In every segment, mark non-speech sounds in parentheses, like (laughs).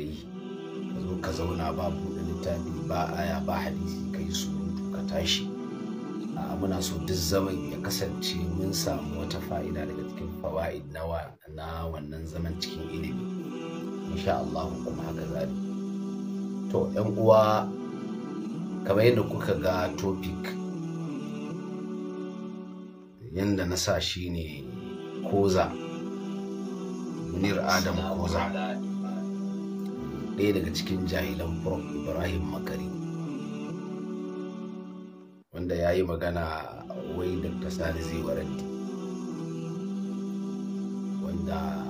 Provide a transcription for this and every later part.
ka yi ka zo ka zauna ba buɗe littafi ba aya ba hadisi ka yi surutu ka tashi a muna so duk zaman ya kasance mun samu wata fa'ida daga cikin fawa'id na wannan zaman cikin ilimi insha Allah kuma haka zari to yan uwa kamar yadda kuka ga topic yadda na sa shi ne koza munir adam koza ɗaya daga cikin jahilan prof ibrahim makari wanda ya yi magana wai ta sani zai waranti wanda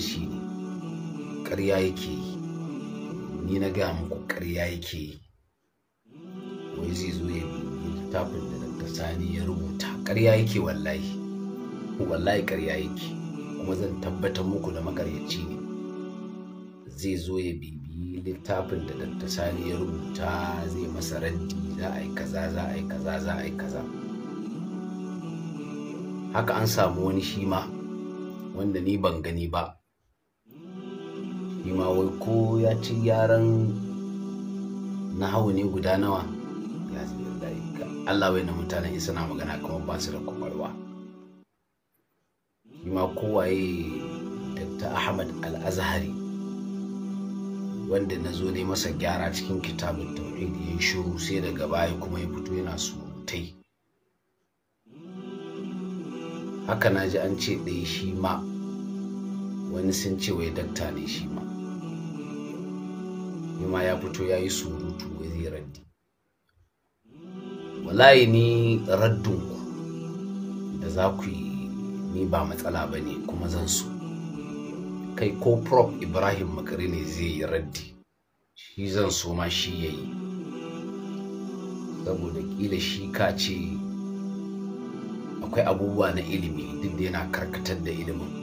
shi ne ƙarya yake yi ni na gaya muku ƙarya yake yi wai zai zo ya littafin da dr sani ya rubuta ƙarya yake wallahi wallahi ƙarya yake kuma zan tabbatar muku da makaryaci ne zai zo ya bibi littafin da Dr. ya rubuta zai masa raddi za a yi kaza za a yi kaza za a yi kaza haka an samu wani shima wanda ni ban gani ba shi wai ko ya ci yaran na hawa ne guda nawa ya zai Allah bai na mutanen isa na magana kamar ba su da kwakwalwa shi ma kowaye Dr. Ahmad Al-Azhari wanda na zo ne masa gyara cikin kitabun da ya shiru sai daga baya kuma ya fito yana surutai haka na ji an ce ɗaya shi ma wani sun ce wai dakta ne shi ma ma ya fito ya yi surutu wai zai raddi wallahi ni raddinku da za ku yi ni ba matsala ba ne kuma zan so kai ko prof ibrahim makari ne zai yi raddi shi zan so ma shi ya yi saboda kila shi ka ce akwai abubuwa na ilimi duk da yana karkatar da ilimin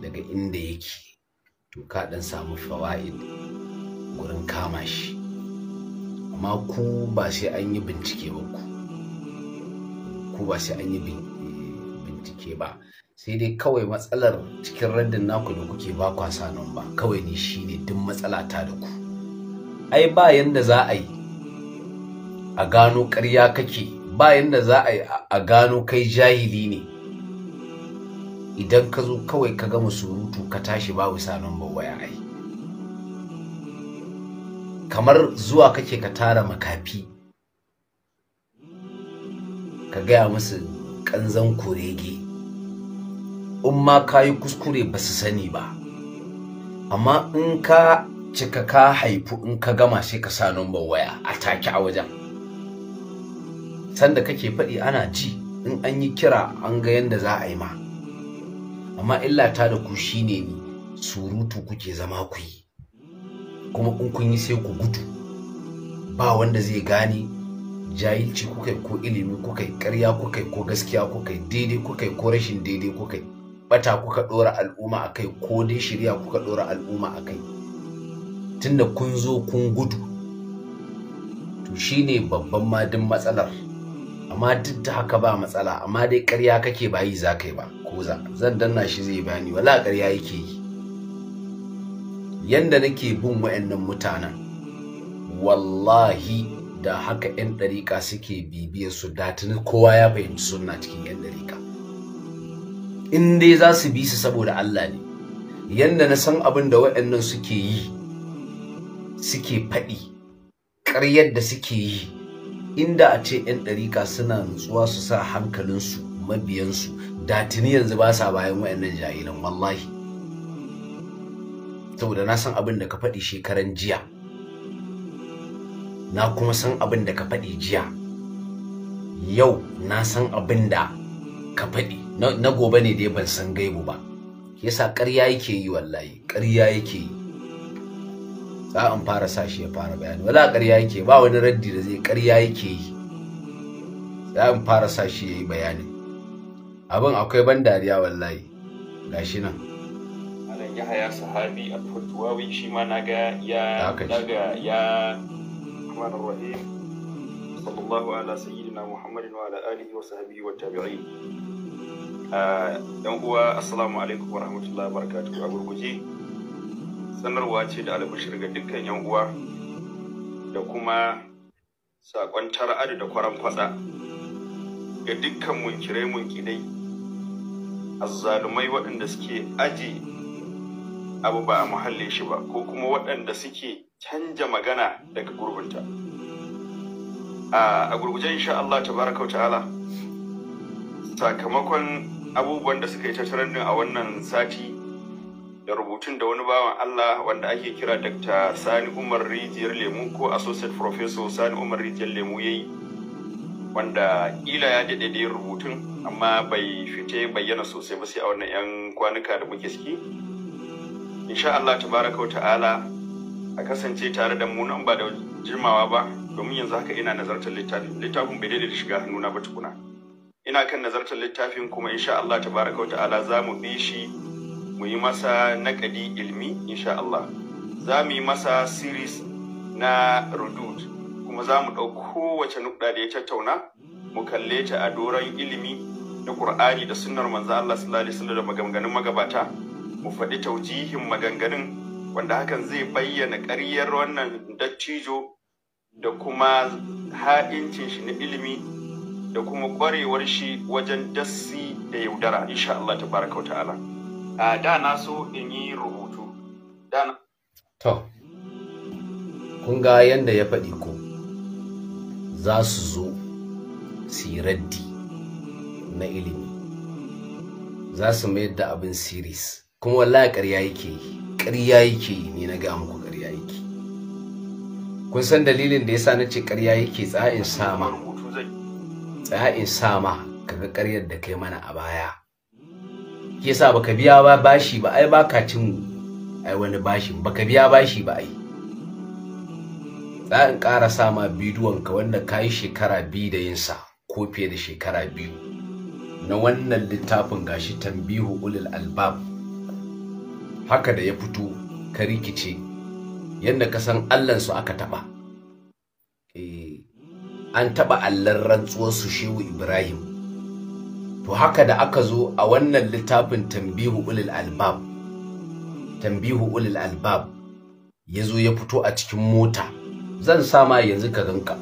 daga inda yake to ka dan samu fawa'id gurin kama shi amma ku ba sai an yi bincike ba ku ba sai an yi eh, bincike ba sai dai kawai matsalar cikin raddin naku da kuke ba kwasa nan ba kawai ne shine duk matsala ta da ku ai ba yanda za a yi a gano ƙarya kake ba yanda za a yi a gano kai jahili ne idan ka zo kawai ka gama surutu ka tashi babu sanon ba waya ai kamar zuwa kake ka tara makafi ka gaya musu kanzan kurege in ma ka yi kuskure ba su sani ba amma in ka cika ka haifu in ka gama sai ka sa numbar waya a take a wajen sanda kake faɗi ana ji in an yi kira an ga yadda za a yi ma amma illa ta da ku shine ni surutu kuke zama ku yi kuma in kun yi sai ku gudu ba wanda zai gane jahilci kukai ko ilimi kukai karya kuka ko gaskiya kukai daidai kukai ko rashin daidai kuka bata kuka dora al'umma akai ko dai shirya kuka dora al'umma akai tunda kun zo kun gudu to shine babban madin matsalar amma duk da haka ba matsala amma dai ƙarya kake bayi za ka yi ba ko za zan danna shi zai bani wala ƙarya yake yi yanda nake bin wa'annan mutanen wallahi da haka 'yan ɗariƙa suke bibiyar su da tuni kowa ya fahimci sunna cikin 'yan ɗariƙa in dai za su bi su saboda Allah ne Yadda na san abin da waɗannan suke yi suke faɗi ƙaryar da suke yi inda a ce 'yan ɗarika suna nutsuwa su sa hankalinsu mabiyansu da tuni yanzu ba sa bayan waɗannan jahilan wallahi saboda na san abin da ka faɗi shekaran jiya na kuma san abin da ka faɗi jiya yau na san abin da ka faɗi na gobe ne dai ban san gaibu ba yasa ƙarya yake yi wallahi ƙarya yake yi za a fara sashi ya fara bayani wala ƙarya yake ba wani raddi da zai ƙarya yake yi za a fara sashi ya yi bayani abin akwai ban dariya wallahi shi nan ya haya sahabi a fatuwawi shi ma ga ya daga ya kuma rahim sallallahu ala sayyidina muhammadin wa ala alihi wa sahbihi wa tabi'in yan uwa assalamu alaikum wa rahmatullahi wa a gurguje sanarwa ce da albishir ga dukkan yan uwa da kuma sakon tara'adu da kwaran kwatsa ga dukkan munkirai munkidai azzalumai waɗanda suke aji abu ba a muhalle shi ba ko kuma waɗanda suke canja magana daga gurbinta a gurguje insha Allah ta wa ta'ala sakamakon abubuwan da suka yi ta trending a wannan sati da rubutun da wani bawan Allah wanda ake kira Dr. Sani Umar Rijiyar Lemu ko Associate Professor Sani Umar Rijiyar Lemu ya yi wanda ila ya daɗe da rubutun amma bai fita bayyana sosai ba sai a wannan 'yan kwanuka da muke ciki. Insha Allah tabaraka wa ta'ala a kasance tare da mu nan ba da jimawa ba domin yanzu haka ina nazartar littafin bai daidai da shiga hannuna ba tukuna. ina kan nazartar littafin kuma insha Allah tabaraka ta'ala za mu bi shi mu yi masa naƙadi ilmi insha Allah za mu yi masa series na rudud kuma za mu ɗau kowace nukɗa da ya tattauna mu kalle ta a doron ilimi na ƙur'ani da sunnar manzo Allah sallallahu da maganganun magabata mu faɗi taujihin maganganun wanda hakan zai bayyana ƙaryar wannan dattijo da kuma ha'incin shi na ilimi da kuma kwarewar shi wajen dassi da yaudara insha Allah tabaraka ta'ala a da na so in yi rubutu da na to kun ga yanda ya faɗi ko za su zo su na ilimi za su mayar da abin siris kuma wallahi ƙarya yake yi ƙarya yake yi ne na ga muku ƙarya yake kun san dalilin da ya sa na ce ƙarya yake tsa'in sama tsaya in sa ma kaga ƙaryar da kai mana a baya yasa baka biya ba bashi ba ai baka cin ai wani bashi baka biya bashi ba ai za in ƙara sa ma bidiyon ka wanda ka yi shekara biyu da yinsa ko fiye da shekara biyu na wannan littafin gashi tambihu ulul albab haka da ya fito ka rikice yadda ka san allansu aka taɓa eh an taɓa allon rantsuwar su shehu ibrahim to haka da aka zo a wannan littafin tambihu ulil albab tambihu ulil albab ya zo ya fito a cikin mota zan sa ma yanzu ka ganka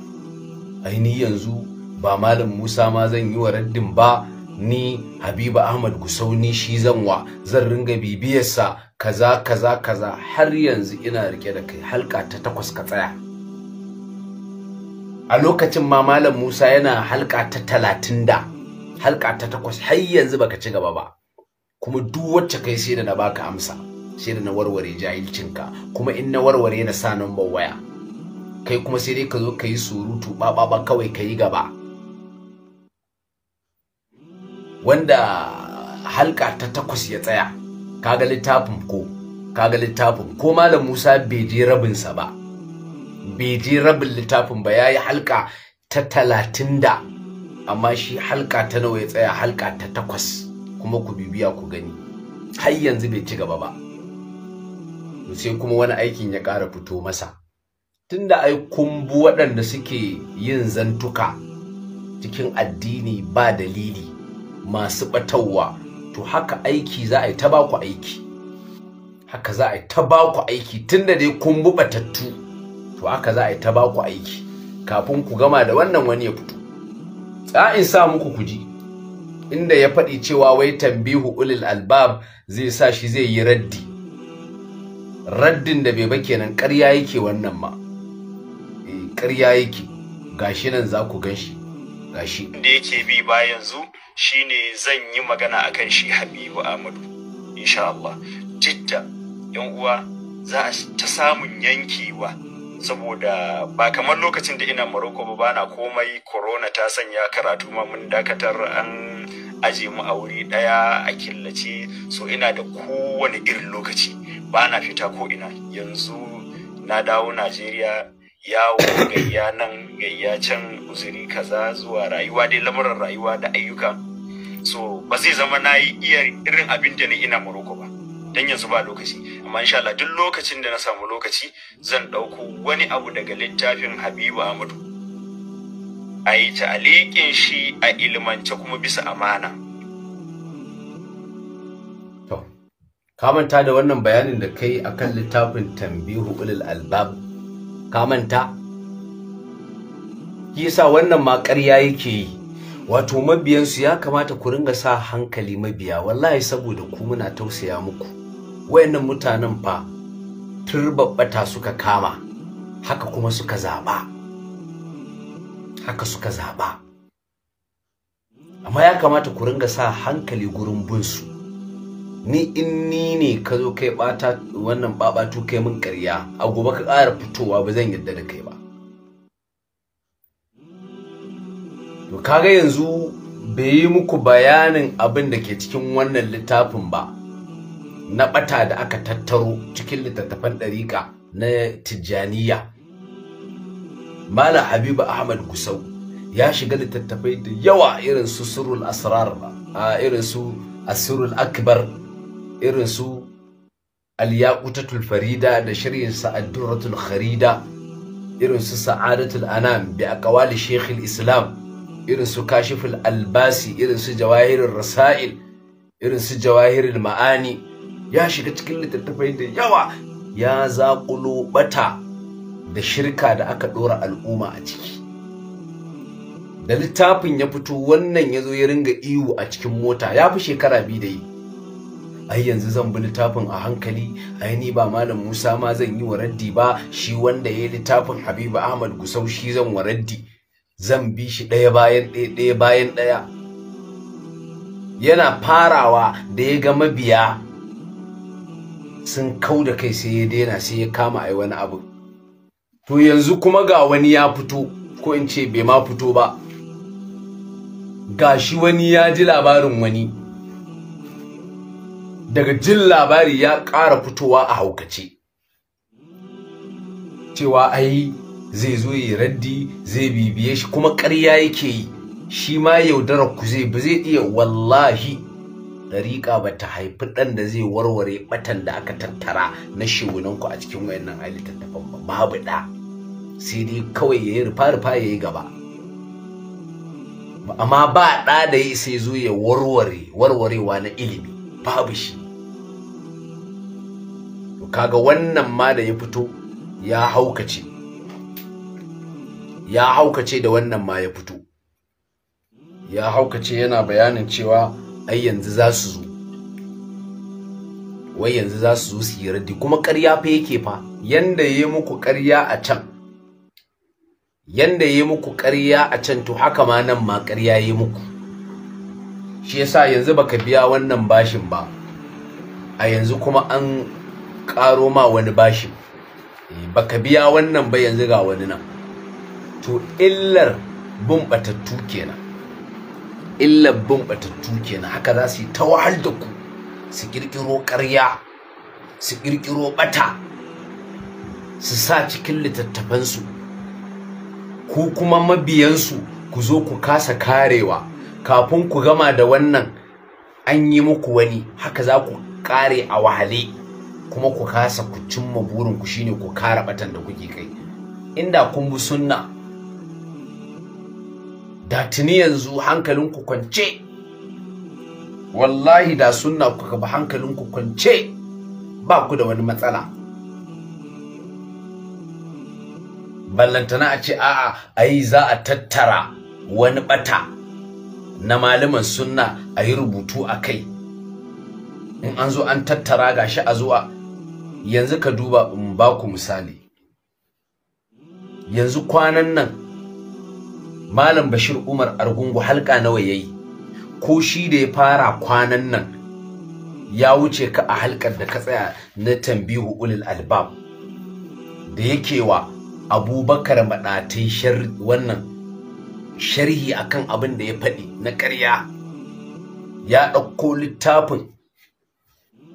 aini yanzu ba malam musa ma zan yi wa raddin ba ni habiba ahmad gusauni shi zan wa zan ringa bibiyarsa kaza kaza kaza har yanzu ina rike da kai halka ta takwas ka tsaya a lokacin ma malam Musa yana halka ta talatin da halka ta takwas har yanzu baka ci gaba ba kuma duk wacce kai sai da na baka amsa sai da na warware jahilcinka kuma in na warware na sa number waya kai kuma sai dai ka zo ka yi surutu ba kawai ka yi gaba wanda halka ta takwas ya tsaya kaga littafin ko kaga littafin ko malam Musa bai je rabinsa ba bai je rabin littafin ba ya yi halka ta talatin da amma shi halka ta nawa ya tsaya halka ta takwas kuma ku bibiya ku gani har yanzu bai ci gaba ba sai kuma wani aikin ya ƙara fito masa tunda ai kumbu waɗanda suke yin zantuka cikin addini ba dalili masu ɓatawa to haka aiki za a yi ta baku aiki haka za a yi ta ku aiki tunda dai kumbu batattu. to haka za a yi ta ba ku aiki kafin ku gama da wannan wani ya fito in sa muku kuji inda ya faɗi cewa wai tambihu ulil albab zai sa shi zai yi raddi raddin da bai ba kenan ƙarya yake wannan ma eh, ƙarya yake gashi nan za ku gan shi gashi da yake bi ba yanzu shine zan yi magana akan shi Habibu Amadu, insha Allah jidda yan uwa za ta samun yankewa saboda ba kamar lokacin da ina maroko ba bana komai corona ta sanya karatu ma mun dakatar an aje mu a wuri daya a killace so ina da kowane irin lokaci bana fita ko ina yanzu na dawo Najeriya yawo gayya nan gayya can uzuri kaza zuwa rayuwa dai lamuran rayuwa da ayyuka so ba zai zama na yi iya irin abin da ni ina maroko ba don yanzu ba lokaci amma insha Allah duk lokacin da na samu lokaci zan ɗauko wani abu daga littafin Habibu Ahmadu a yi ta'aliƙin shi a ilmance kuma bisa amana to ka manta da wannan bayanin da kai kan littafin tambihu ulil albab ka manta sa wannan ma ƙarya yake yi wato mabiyansu ya kamata ku ringa sa hankali mabiya wallahi saboda ku muna tausaya muku wayannan mutanen fa turbabbata suka kama haka kuma suka zaba haka suka zaba amma ya kamata ku ringa sa hankali gurin bin su ni in ni ne ka zo kai bata wannan babatu kai min ƙarya a gobe ka ƙara fitowa ba zan yarda da kai ba to kaga yanzu bai yi muku bayanin abin da ke cikin wannan littafin ba na ɓata da aka tattaro cikin littattafan ɗariƙa na tijjaniya mala habibu ahmad gusau ya shiga littattafai da yawa irin su surul asrar irin su asirul akbar irin su alyaqutatul farida da shirin sa'aduratul kharida irin su sa'adatul anam bi aqwali shekhin islam irin su kashiful albasi irin su jawahirin rasail irin su jawahirin ma'ani ya shiga cikin littattafai da yawa ya zaƙulo bata da shirka da aka ɗora al'umma a ciki da littafin ya fito wannan ya zo ya ringa iwu a cikin mota ya fi shekara biyu da yi ai yanzu zan bi littafin a hankali ai ni ba malam musa ma zan yi waraddi ba shi wanda ya yi littafin habibu ahmad gusau shi zan waraddi. zan bi shi ɗaya bayan ɗaya ɗaya bayan ɗaya yana farawa da ya ga mabiya sun kau da kai sai ya daina sai ya kama ai wani abu to yanzu kuma ga wani ya fito ko in ce bai ma fito ba ga shi wani ya ji labarin wani daga jin labari ya ƙara fitowa a haukace cewa ai zai zo yi raddi zai bibiye shi kuma ƙarya yake yi shi ma yaudarar ku zai ba zai iya wallahi ɗariƙa ba ta haifi ɗan da zai warware batan da aka tattara na shigunanku a cikin wayannan ayi ba babu ɗa sai dai kawai ya yi rufa-rufa ya yi gaba amma ba ɗa da yi sai zo ya warware warwarewa na ilimi babu shi kaga wannan ma da ya fito ya haukace ya haukace da wannan ma ya fito ya haukace yana bayanin cewa ai yanzu za su zo wai yanzu za su zo su yi raddi kuma ƙarya fa yake fa yanda ya yi muku ƙarya a can yanda ya yi muku ƙarya a can to haka ma nan ma ƙarya ya yi muku shi yasa yanzu baka biya wannan bashin ba a yanzu kuma an ƙaro ma wani bashin eh, baka biya wannan ba yanzu ga wani nan to illar bin batattu kenan illa bin batattu kenan haka za su yi ta wahal da ku su kirkiro ƙarya su kirkiro bata su sa cikin littattafansu ku kuma mabiyansu ku zo ku kasa karewa kafin ku gama da wannan an yi muku wani haka za ku kare a wahale kuma ku kasa ku cimma burinku shine ku kara batan da kuke kai inda kun bi sunna da tuni yanzu hankalinku kwance wallahi da sunna kuka ba hankalinku kwance ba ku da wani matsala ballantana a ce a'a ai za a tattara wani bata na malaman sunna a yi rubutu a kai in an zo an tattara gashi a zuwa yanzu ka duba in ba ku misali yanzu kwanan nan malam bashir umar argungu halka nawa yayi ko shi da ya fara kwanan nan ya wuce ka a halkar da ka tsaya na tambihu ulil albab da yake wa abubakar shar wannan sharhi akan abin da ya faɗi na ƙarya ya ɗauko littafin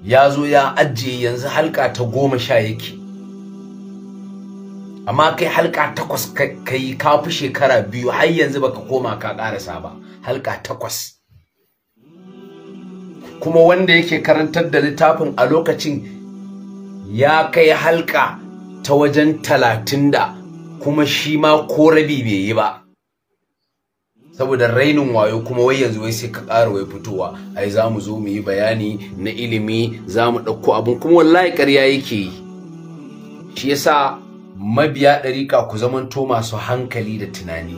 ya zo ya ajiye yanzu halka ta goma sha yake amma kai halka takwas kai ka fi shekara biyu har yanzu baka koma ka karasa ba halka takwas kuma wanda yake karantar da littafin a lokacin ya kai halka ta wajen talatin da kuma shi ma ko rabi bai yi ba saboda rainin wayo kuma wai yanzu wai sai ka ƙara wai fitowa ai za mu zo mu yi bayani na ilimi za mu ɗauko abin kuma wallahi ƙarya yake yi shi yasa mabiya ɗariƙa ku zamanto masu hankali da tunani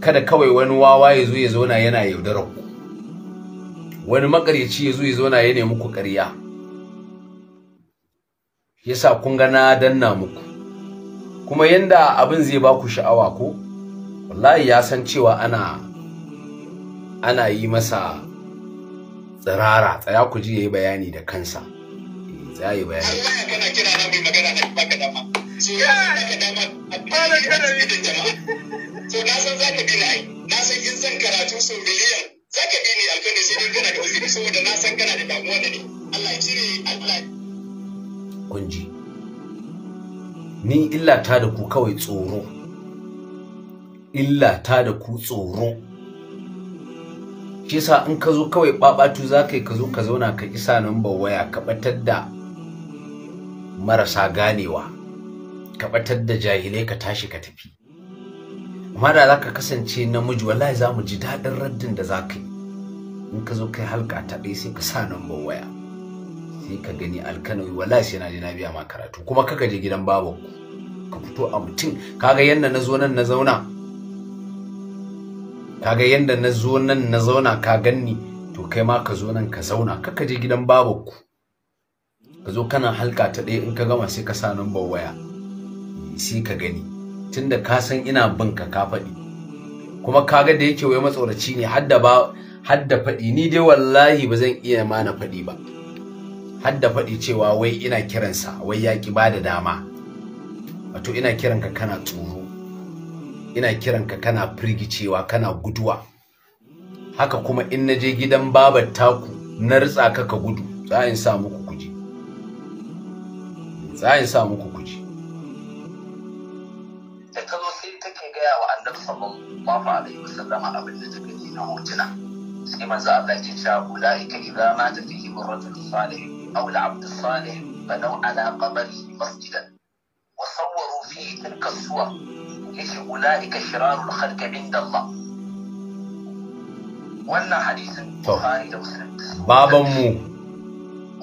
kada kawai wani wawa ya zo ya zauna yana yaudarar ku wani makaryaci ya zo ya zauna ya nemi ku ƙarya yasa kun ga na danna muku kuma yanda abin zai ba ku sha'awa ko wallahi ya san cewa ana ana yi masa tsirara tsaya ku ji yayi bayani da kansa za yi bayani Ya kana kira na mai magana da baka dama so ya baka dama a cikin jama'a so na san zaka bi ni na san in zan karatu sau miliyan zaka bi ni alƙalin sai dai kana da uzuri saboda na san kana da damuwa da ni Allah ya cire Allah kun ji ni illa ta da ku kawai tsoro illa ta da ku tsoro shi yasa in ka zo kawai babatu za ka yi ka zo ka zauna ka isa number waya ka batar da marasa ganewa ka batar da jahilai ka tashi ka tafi amma da za ka kasance namiji wallahi za mu ji daɗin raddin da za ka yi in ka zo kai halka ta ɗaya sai ka sa numbar waya sai ka gani alkanawi wallahi sai na je na biya ma karatu kuma kaka je gidan babanku ka fito a mutum kaga yanda na zo nan na zauna kaga yanda na zo nan na zauna ka ganni to kai ma ka zo nan ka zauna kaka je gidan babanku ka zo kana halka ta ɗaya in ka gama sai ka sa number waya sai ka gani tunda ka san ina bin ka ka faɗi kuma ka ga da yake wai matsoraci ne da ba da faɗi ni dai wallahi ba zan iya ma na faɗi ba Har da faɗi cewa wai ina kiransa wai ya ki bada dama wato ina kiranka kana tsoro ina kiranka kana firgicewa kana guduwa haka kuma in na je gidan babar taku na ritsa ka ka gudu za in sa muku za a yi sa muku kuji da ta zo sai take gaya wa annabi sallallahu alaihi wasallama abin da ta gani na hotuna sai manzo Allah ke cewa ulaika idza ta fihi murratu salih aw la abd salih banaw ala qabri masjidan wa sawwaru fihi tilka as-suwar yace ulaika shirarul khalq inda Allah wannan hadisin Bukhari da Muslim baban mu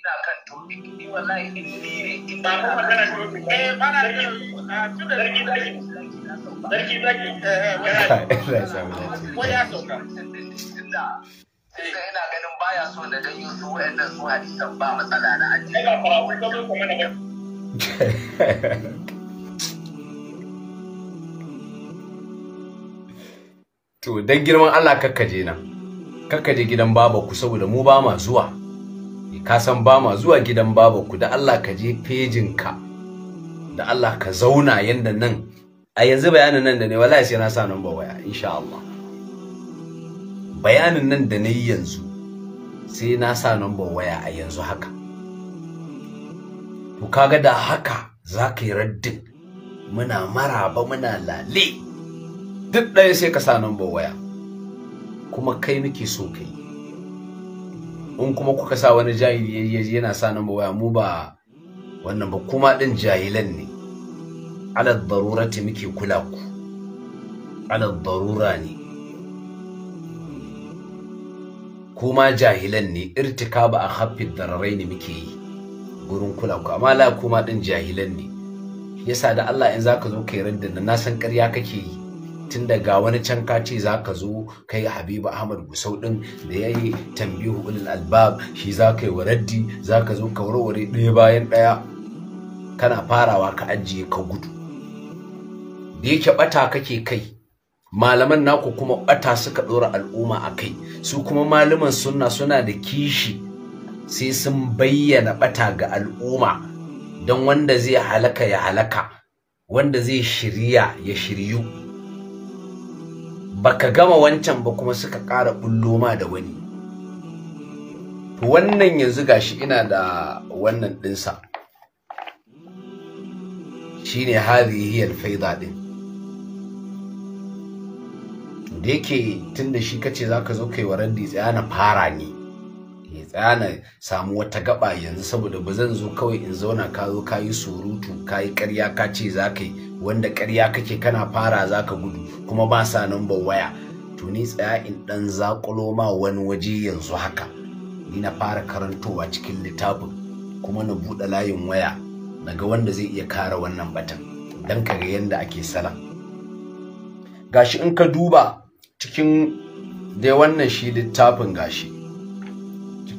ina kan topic ni wallahi in ni ne ba mu magana topic eh ba na ah, da tun da zargi zaki zargi zaki eh, eh wai ya sauka Sai ina ganin baya so na ganyo su wa'annan su hadisan ba matsala na aji. Ina fara kun ga mun kuma na To don girman Allah kakkaje nan. Kakkaje gidan baba ku saboda mu ba ma zuwa. ka san ba zuwa gidan ku da Allah ka je fejin ka da Allah ka zauna yanda nan a yanzu bayanin nan da ne wallahi sai na sa nan ba waya insha Allah bayanin nan da ne yanzu sai na sa nan ba waya a yanzu haka ku kaga da haka za ka yi raddin muna maraba muna lale duk ɗaya sai ka sa nan ba waya kuma kai muke so ka in kuma kuka sa wani jahili yana sa nan waya mu ba wannan ba kuma din jahilan ne ala darurati muke kula ku ala darura ne kuma jahilan ne irtika ba a haffin dararai ne muke yi gurin kula ku amma la kuma din jahilan ne yasa da Allah in zaka zo kai radda na san ƙarya kake yi tun daga wani can ka ce za ka zo kai habibu ahmad gusau din da ya yi tambihu ulul albab shi za ka yi waraddi za ka zo ka warware ɗaya bayan ɗaya kana farawa ka ajiye ka gudu da yake ɓata kake kai malaman naku kuma ɓata suka ɗora al'umma a kai su kuma malaman sunna suna da kishi sai sun bayyana ɓata ga al'umma don wanda zai halaka ya halaka wanda zai shirya ya shiryu baka gama wancan ba kuma suka ƙara bullo ma da wani wannan yanzu gashi ina da wannan ɗinsa shine hadhihi al-faida din da yake tunda shi kace zaka zo kai warandi tsaya na fara ne tsaya na samu wata gaba yanzu saboda ba zan zo kawai in zauna ka zo ka yi surutu ka yi ƙarya ka ce za ka yi wanda ƙarya kake kana fara za ka gudu kuma ba sa nan ba waya to ni tsaya in ɗan zaƙulo ma wani waje yanzu haka ni na fara karantowa cikin littafin kuma na buɗe layin waya na ga wanda zai iya kara wannan batan don ka ga yadda ake sala gashi in ka duba cikin dai wannan shi littafin gashi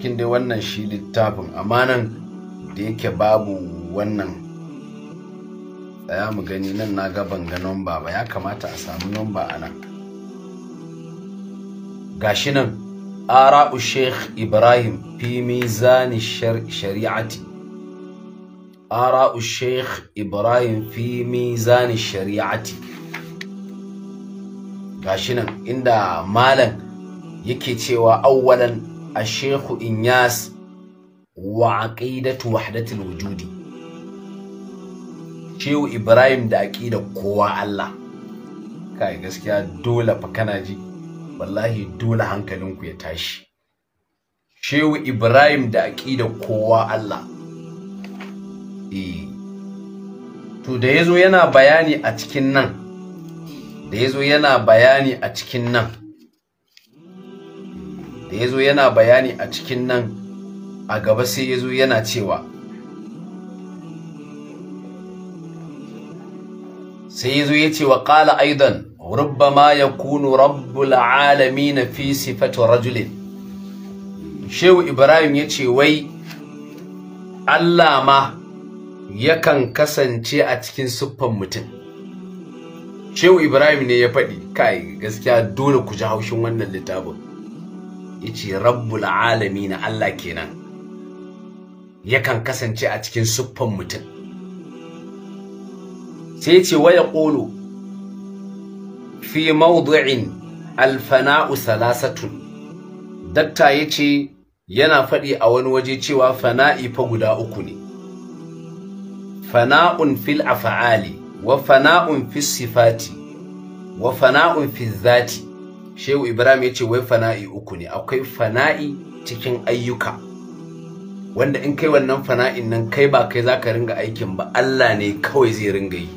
cikin dai wannan shi littafin amma nan da yake babu wannan tsaya mu gani nan na ga ban ga nomba ba ya kamata a samu nomba a nan Ga shi nan ara'u sheikh ibrahim fi mizani shari'ati ibrahim fi mizani shari'ati Ga shi nan, inda malam yake cewa awwalan الشيخ إنياس وعقيدة وحدة الوجود شيو إبراهيم دا عقيدة كوا الله كاي gaskiya dole fa kana ji wallahi dole hankalinku ya tashi Shehu Ibrahim da aqida kowa Allah to da yazo yana bayani a yazo yana bayani a cikin nan da ya yana bayani a cikin nan a gaba sai ya yana cewa sai ya zo ya ce wa ƙala aidan ma ya kunu rabbul alami na fi sifatun rajulin shehu ibrahim ya ce wai allah ma yakan kasance a cikin siffan mutum shehu ibrahim ne ya faɗi kai gaskiya dole ku ji haushin wannan littafin yace rabbul alamin Allah kenan yakan kasance a cikin suffan mutum sai yace wa yaqulu fi mawdu'in alfana'u salasatun datta ce yana faɗi a wani waje cewa fana'i fa guda uku ne fana'un fil af'ali wa fana'un fis sifati wa fana'un fil zati shehu ibrahim ya ce wai fana'i uku ne akwai fana'i cikin ayyuka wanda in kai wannan fana'in nan kai ba kai za ka ringa aikin ba allah ne kawai zai ringa yi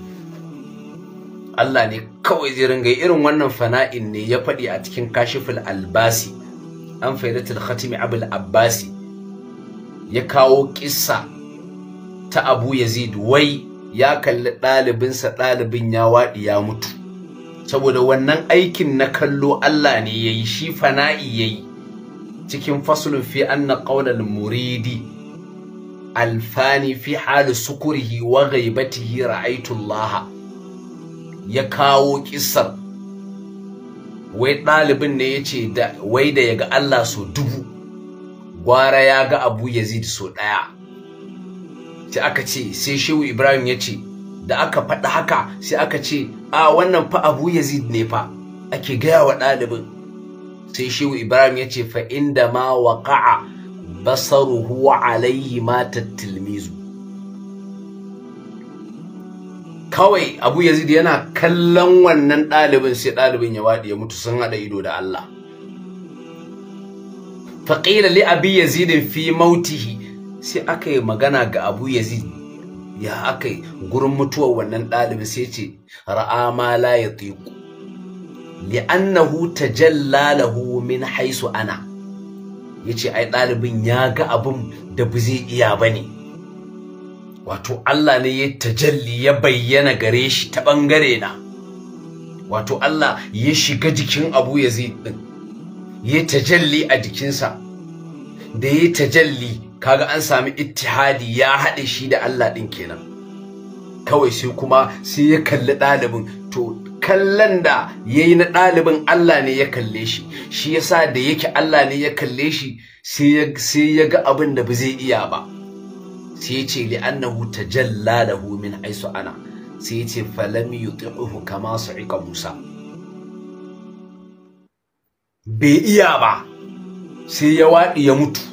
allah ne kawai zai ringa yi irin wannan fana'in ne ya faɗi a cikin kashiful albasi an faidatul khatimi abul abbasi ya kawo kissa ta abu yazid wai ya kalli ɗalibinsa ɗalibin ya waɗi ya mutu saboda wannan aikin na kallo Allah ne ya yi shi fana'i yi. cikin fasulun fi anna ƙaunar muridi alfani fi hali sukurihi wa ghaibatihi ra'aytu Allah ya kawo kisar wai ɗalibin ne yace da wai da yaga Allah so dubu gwara ya ga Abu Yazid so ɗaya. ta aka ce sai Shehu Ibrahim ya ce da aka faɗi haka sai aka ce a wannan fa abu yazid ne fa ake gaya wa ɗalibin sai shehu ibrahim ya ce fa inda ma waqa'a basaruhu alayhi mata tilmizu kawai abu yazid yana kallon wannan ɗalibin sai ɗalibin ya waɗi ya mutu sun haɗa ido da allah faƙila li abi yazidin fi sai aka yi magana ga abu yazid ya aka yi gurin mutuwar wannan ɗalibin sai ce ra'a ma la ya tiku li'annahu tajalla lahu min haisu ana yace ai ɗalibin ya ga abin da ba zai iya bane wato Allah ne ya tajalli ya bayyana gare shi ta bangare na wato Allah ya shiga jikin Abu Yazid din ya tajalli a jikinsa da ya tajalli kaga an sami ittihadi ya haɗe shi da Allah ɗin kenan kawai sai kuma sai ya kalli ɗalibin to kallon da ya yi na ɗalibin Allah ne ya kalle shi shi yasa da yake Allah ne ya kalle shi sai ya ga abin da ba zai iya ba sai ya ce li'annahu tajalla lahu min Aisu, ana sai ya ce falam yuti'uhu kama su'ika Musa bai iya ba sai ya waɗi ya mutu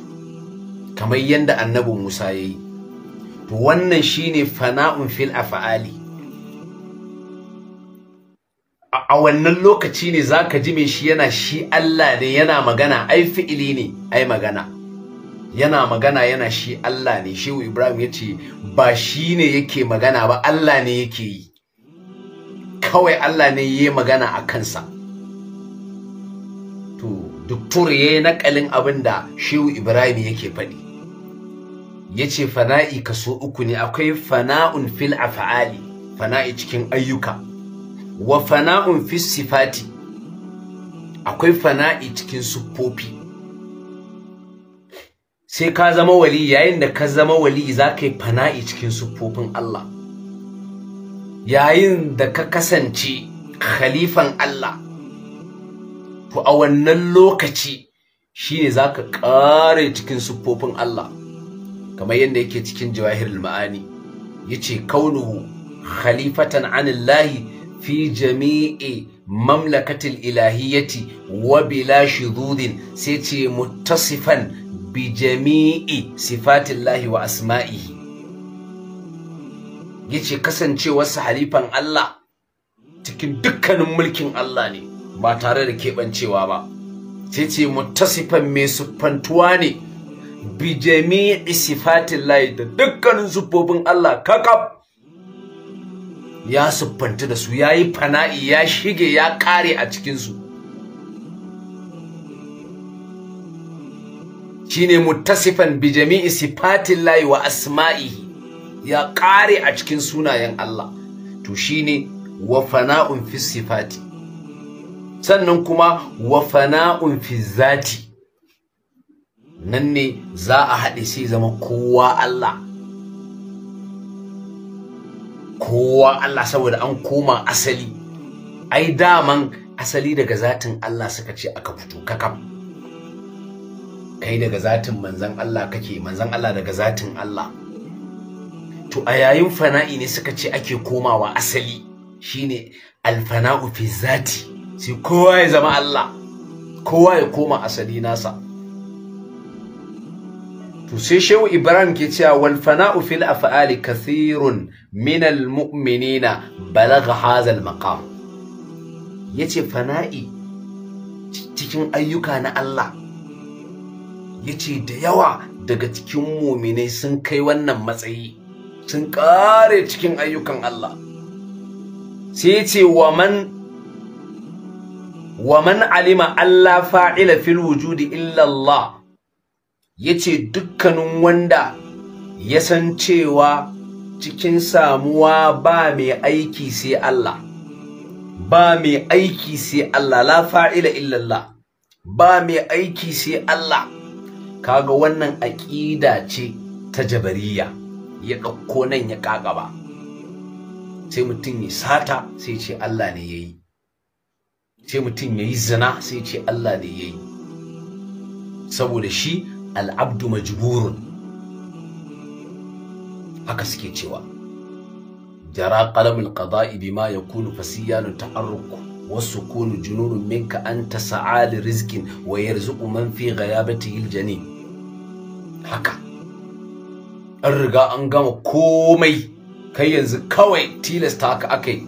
kamar yadda annabi Musa ya yi to wannan shine fana'un fil af'ali a wannan lokaci ne zaka ji me shi yana shi Allah ne yana magana ai fi'ili ne ai magana yana magana yana shi Allah ne shehu Ibrahim ya ce ba shi ne yake magana ba Allah ne yake yi kawai Allah ne ya magana a kansa to doktor ya yi nakalin abin da shehu Ibrahim yake faɗi yace fana'i kaso uku ne akwai fana'un fil af'ali fana'i cikin ayyuka wa fana'un fis sifati akwai fana'i cikin siffofi sai ka zama wali yayin da ka zama wali zaka yi fana'i cikin siffofin Allah yayin da ka kasance khalifan Allah to a wannan lokaci shine zaka ka cikin siffofin Allah kamar yadda yake cikin jawahirul ma'ani yace kaunuhu khalifatan anillahi fi jami'i mamlakatil ilahiyyati wa bila shududin sai ce muttasifan bi jami'i sifatillahi wa asma'ihi yace kasancewarsa halifan Allah cikin dukkanin mulkin Allah ne ba tare da keɓancewa ba sai ce muttasifan mai sufantuwa ne bi jami'i layi da dukkanin zubobin Allah kakab ya siffanta da su yayi fana'i ya shige ya kare a cikin su shine muttasifan bi jami'i layi wa Asma'i ya kare a cikin sunayen Allah to shine wa fana'un fi sifati sannan kuma wa fana'un fi zati nan ne za a haɗe sai zama kowa Allah kowa Allah saboda an koma asali ai daman asali daga zatin Allah suka ce aka fito kakam kai daga zatin manzan Allah kake manzan Allah daga zatin Allah to a yayin fana'i ne suka ce ake komawa asali shine alfana'u fi zati sai kowa ya zama Allah kowa ya koma asali nasa to sai shehu ibrahim ke cewa wal fana'u fil af'ali kathirun min al mu'minina balagha hadha al maqam yace fana'i cikin ayyuka na Allah yace da yawa daga cikin mu'minai sun kai wannan matsayi sun kare cikin ayyukan Allah sai yace wa man ومن علم ألا فاعل في الوجود إلا ya ce dukkanin wanda ya san cewa cikin samuwa ba mai aiki sai Allah ba mai aiki sai Allah la fa'ila illallah ba mai aiki sai Allah kaga wannan aƙida ce ta jabariya ya ɗauko nan ya ƙaƙaba sai mutum ya sata sai ce Allah ne ya yi sai mutum ya yi zina sai ce Allah ne ya yi saboda shi al'abdu majburun haka suke cewa jara qalamin ma ya kunu fasiyanun ta'arruku wasu kunu jinurun minka anta sa'ali rizqin wa yarzuqu man fi jani aljanin haka an riga an gama komai kai yanzu kawai tilasta haka aka yi.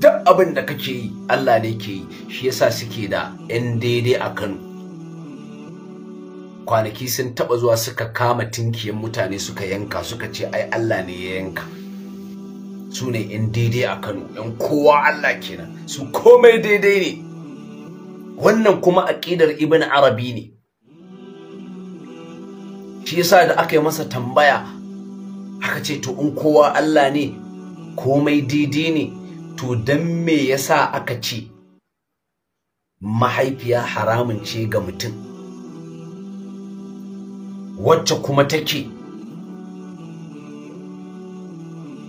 duk abin da kake yi Allah ne ke yi shi yasa suke da 'yan daidai a kanu. kwanaki sun taba zuwa suka kama tinkiyan mutane suka yanka suka ce ai Allah ne ya yanka su ne in daidai a Kano yan kowa Allah kenan su komai daidai ne wannan kuma aqidar Ibn Arabi ne shi yasa da aka yi masa tambaya aka ce to in kowa Allah ne komai daidai ne to dan me yasa aka ce mahaifiya haramun ce ga mutum wacce kuma take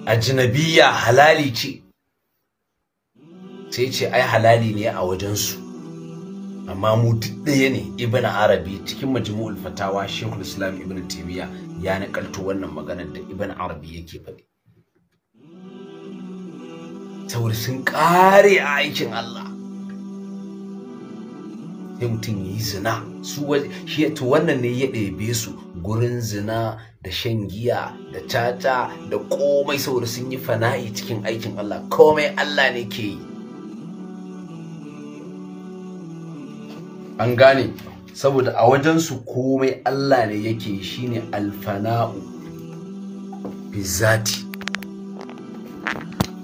ajinabiya halali ce sai ce ai halali ne a wajen su. amma mu duk ɗaya ne ibn arabi cikin majmu'ul fatawa shekul islam ibn taymiya ya nakalto wannan maganar da ibn arabi yake faɗi saboda sun ƙare a aikin Allah sai mutum ya yi zina su to wannan ne ya ɗebe su gurin zina da shan giya da caca da komai saboda sun yi fana'i cikin aikin Allah komai Allah ne ke yi an gane saboda a wajensu komai Allah ne yake yi ne alfana'u bizati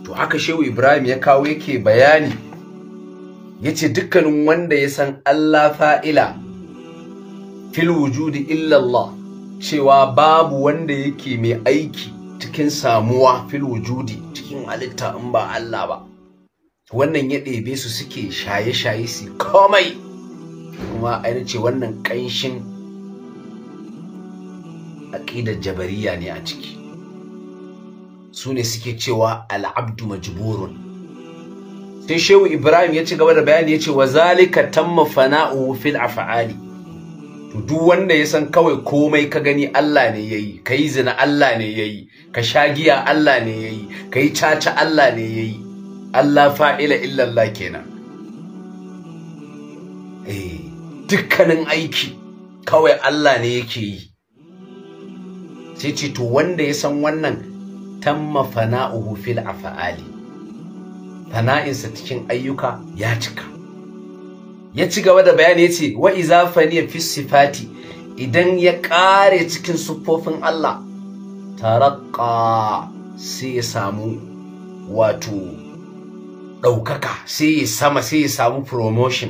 to haka shehu Ibrahim ya kawo yake bayani yace dukkanin wanda ya san Allah fa'ila fil wujudi illa Allah cewa babu wanda yake mai aiki cikin samuwa fil wujudi cikin halitta in ba Allah ba wannan ya ɗebe su suke shaye-shaye su komai kuma a ce wannan ƙanshin aƙidar jabariya ne a ciki su ne suke cewa al'abdu majburun sai shehu ibrahim ya ci gaba da bayani ya ce wa zalika tamma fana'u fil af'ali to duk wanda ya san kawai komai ka gani Allah ne yayi kai zina Allah ne yayi ka shagiya Allah ne yayi kai caca Allah ne yayi Allah fa'ila illa Allah kenan eh dukkanin aiki kawai Allah ne yake yi sai ce to wanda ya san wannan tamma fana'uhu fil af'ali fana'insa cikin ayyuka ya cika ya ci gaba da bayani ya ce wa iza faniya fi sifati idan ya ƙare cikin siffofin Allah Taraƙa sai ya samu wato ɗaukaka sai ya sama sai ya samu promotion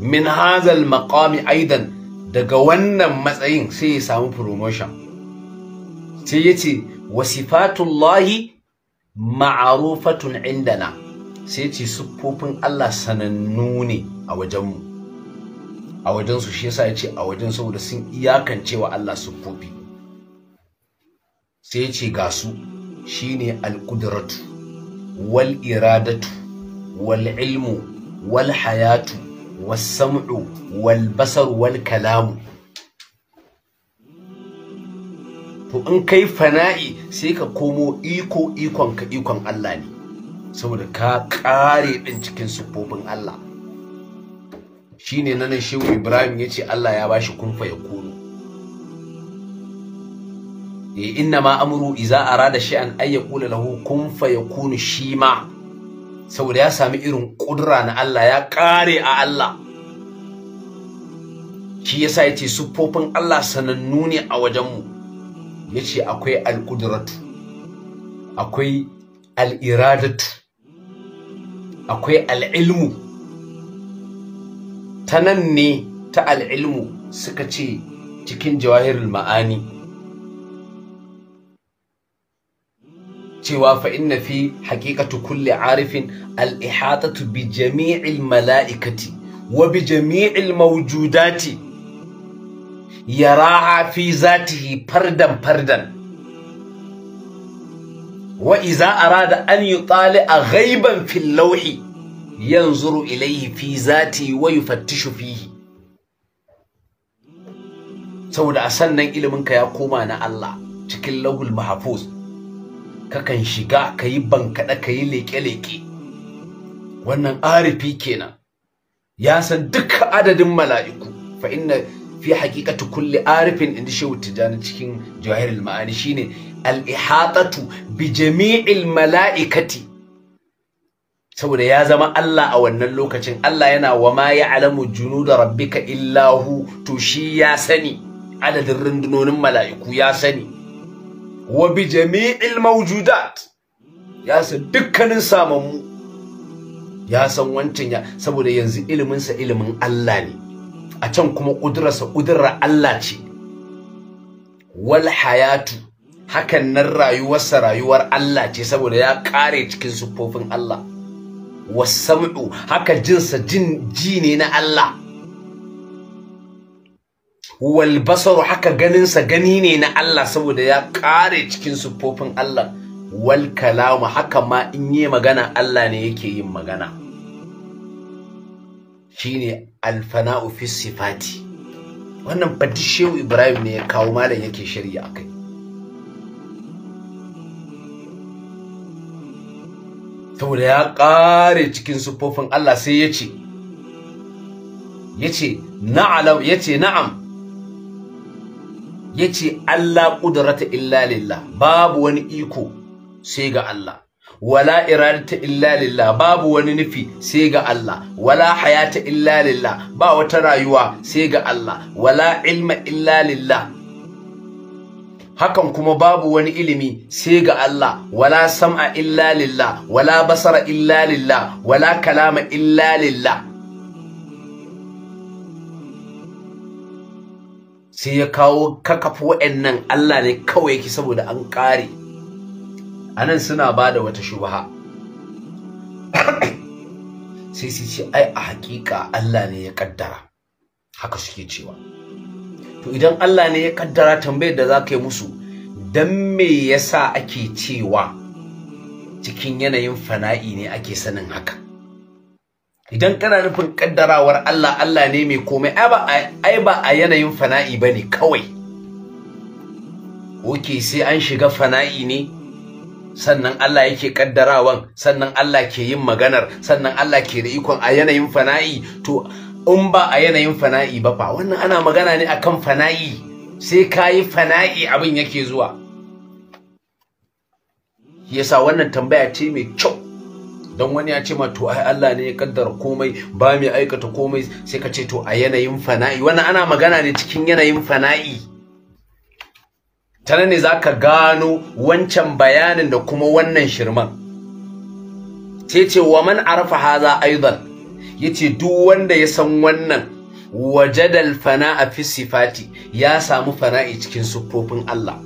min hazal maƙami aidan daga wannan matsayin sai ya samu promotion sai ya ce sifatullahi ma'arufatun indana sai ce siffofin Allah sanannu ne a wajenmu a wajensu shi yasa ya ce a wajen saboda sun iyakance wa Allah siffofi sai ce ga su shine alƙudratu wal iradatu wal ilmu wal hayatu wal sam'u wal basar wal kalamu to in kai fana'i sai ka komo iko ikon ka ikon Allah ne saboda ka kare din cikin sufofin Allah shine nan shehu Ibrahim yace Allah ya bashi kunfa ya kono e inna ma amru iza arada shay'an ay yaqula lahu kun shi shima saboda ya sami irin kudura na Allah ya kare a Allah shi yasa yace sufofin Allah sanannu ne a wajen mu ya ce akwai alƙudratu akwai al'iradatu akwai al'ilmu ta nan ne ta al'ilmu suka ce cikin jawahirul ma'ani cewa fa inna fi haƙiƙatu kulle arifin al'ihatatu bi jami'il mala'ikati wa bi jami'il mawjudati yaraha fi zatihi fardan fardan wa iza arada an yutali a ghaiban fil lawhi yanzuru ilayhi fi zati wa yufattishu fihi saboda a sannan iliminka ya koma na Allah cikin lagul mahfuz kakan shiga kayi bankaɗe kayi leke-leke wannan arifi kenan ya san dukkan adadin mala'iku fa inna fi haƙiƙatu kulli arifin inda shehu cikin jawahirul ma'ani shine al-ihatatu bi jami'il mala'ikati saboda ya zama Allah a wannan lokacin Allah yana wa ma ya'lamu junuda rabbika illa hu to shi ya sani adadin rundunonin mala'iku ya sani wa bi jami'il mawjudat ya san dukkanin samammu ya san wancan ya saboda yanzu iliminsa ilimin Allah ne a can kuma ƙudurarsa ƙudurar Allah ce wal hayatu hakan nan rayuwarsa rayuwar Allah ce saboda ya ƙare cikin siffofin Allah wasam'u haka jinsa jin ji ne na Allah wal basaru haka ganinsa gani ne na Allah saboda ya ƙare cikin siffofin Allah wal kalamu haka ma in yi magana Allah ne yake yin magana shine alfana'u fi sifati wannan fadi shehu ibrahim ne ya kawo malam yake shirya a kai saboda ya kare cikin sufofin Allah sai ya ce ya ce na'am ya ce na'am ya ce Allah ƙudurata illa lillah babu wani iko sai ga Allah wala iradata illa lillah babu wani nufi sai ga Allah wala hayata illa lillah ba wata rayuwa sai ga Allah wala ilma illa lillah hakan kuma babu wani ilimi sai ga Allah wala sam'a illa lillah wala basara illa lillah wala kalama illa lillah sai ya kawo kakafu wa'annan Allah ne kawai yake saboda an ƙare anan suna bada wata shubaha. sai su ce ai a hakika Allah ne ya kaddara haka suke cewa to idan Allah ne ya kaddara tambayar da za ka yi musu dan me yasa ake cewa cikin yanayin fana'i ne ake sanin haka idan kana nufin kaddarawar Allah Allah ne mai komai ai ba a yanayin fana'i bane kawai oke sai an shiga fana'i ne sannan Allah yake kaddarawan sannan Allah ke yin maganar sannan Allah ke da ikon a yanayin fana'i to in ba a yanayin fana'i ba fa wannan ana magana ne akan fana'i sai kayi fana'i abin yake zuwa yasa wannan tambaya ce mai kyau don wani ya ce ma to ai Allah ne ya kaddara komai ba mai aikata komai sai ka ce to a yanayin fana'i wannan ana magana ne cikin yanayin fana'i ta ne za ka gano wancan bayanin da kuma wannan shirman ce ce wa man arafa haza ya yace duk wanda ya san wannan wajadal a fi sifati ya samu fana'i cikin siffofin Allah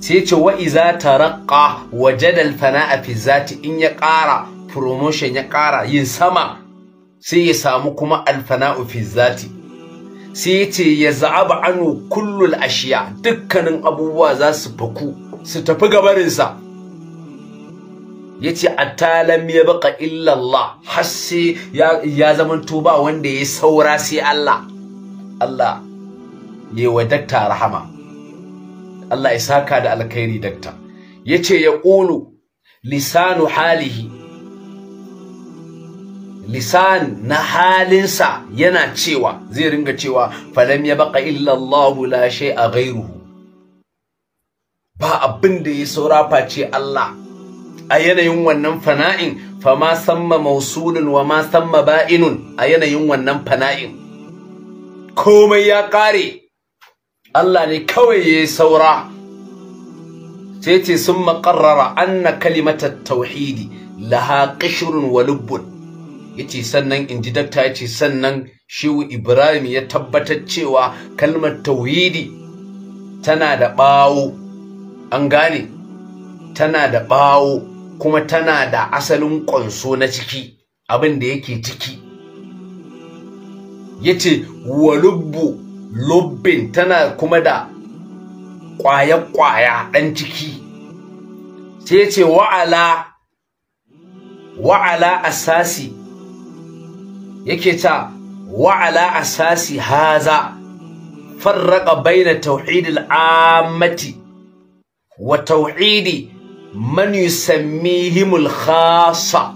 ce ce wa iza taraqqa wajadal a fi zati in ya ƙara promotion ya ƙara yin sama sai ya samu kuma alfana'u fi zati sai ya ce ya za'aba anu kullul ashiya dukkanin abubuwa za su faku su tafi gabarinsa ya ce a talam ya baka illallah har sai ya zamanto ba wanda ya saura sai Allah Allah ya wa dakta rahama Allah ya saka da alkhairi dakta ya ce ya ƙulu lisanu halihi lisan na halinsa yana cewa zai ringa cewa falam ya baka Allah la a ghairuhu ba abin da ya saura face Allah a yanayin wannan fana'in fa ma samma mausulun wa ma samma ba'inun a yanayin wannan fana'in komai ya kare Allah ne kawai ya saura sai ce sun maƙarrara anna kalimatar tauhidi laha qishrun wa lubbun yace sannan inji dakta yace sannan shehu ibrahim ya tabbatar cewa kalmar tauhidi tana da bawo an gane tana da bawo kuma tana da asalin ƙwanso na ciki abin da yake ciki yace walubbu lubbin tana kuma da kwaya-kwaya ɗan ciki sai yace wa'ala wa'ala asasi yake ta wa'ala asasi haza farraqa baina tauhidil ammati wa tauhidi man yusammihimul khassa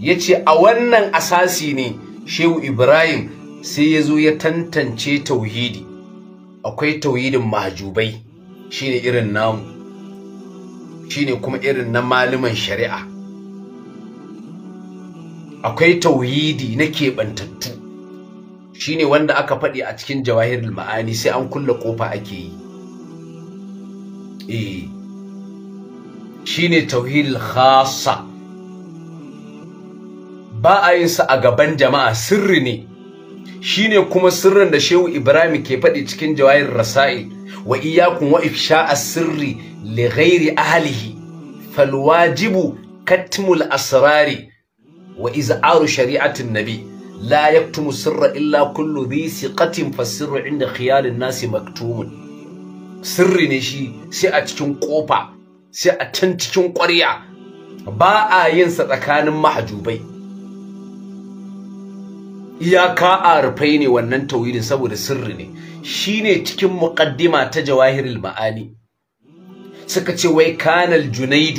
yace a wannan asasi ne Shehu Ibrahim sai ya ya tantance tauhidi akwai tauhidin mahjubai shine irin namu shine kuma irin na malaman shari'a akwai tauhidi na keɓantattu shine wanda aka faɗi a cikin jawahirul ma'ani sai an kulle ƙofa ake yi eh shine tauhidul khassa ba a yin sa a gaban jama'a sirri ne shine kuma sirrin da Shehu Ibrahim ke faɗi cikin jawahir Rasa'i wa iyyakum wa ifsha'a sirri li ghairi ahlihi fal wajibu katmul asrari wa iz'aru shari'atin nabi la yaktumu illa kullu dhi siqatin fa sirru inda khiyalin nasi maktumun sirri ne shi sai a cikin kofa sai a can cikin ƙwarya ba a yin sa tsakanin mahajubai iyaka a rufai ne wannan tauhidin saboda sirri ne Shi ne cikin muqaddima ta jawahirul ma'ani سكتي وي كان الجنيد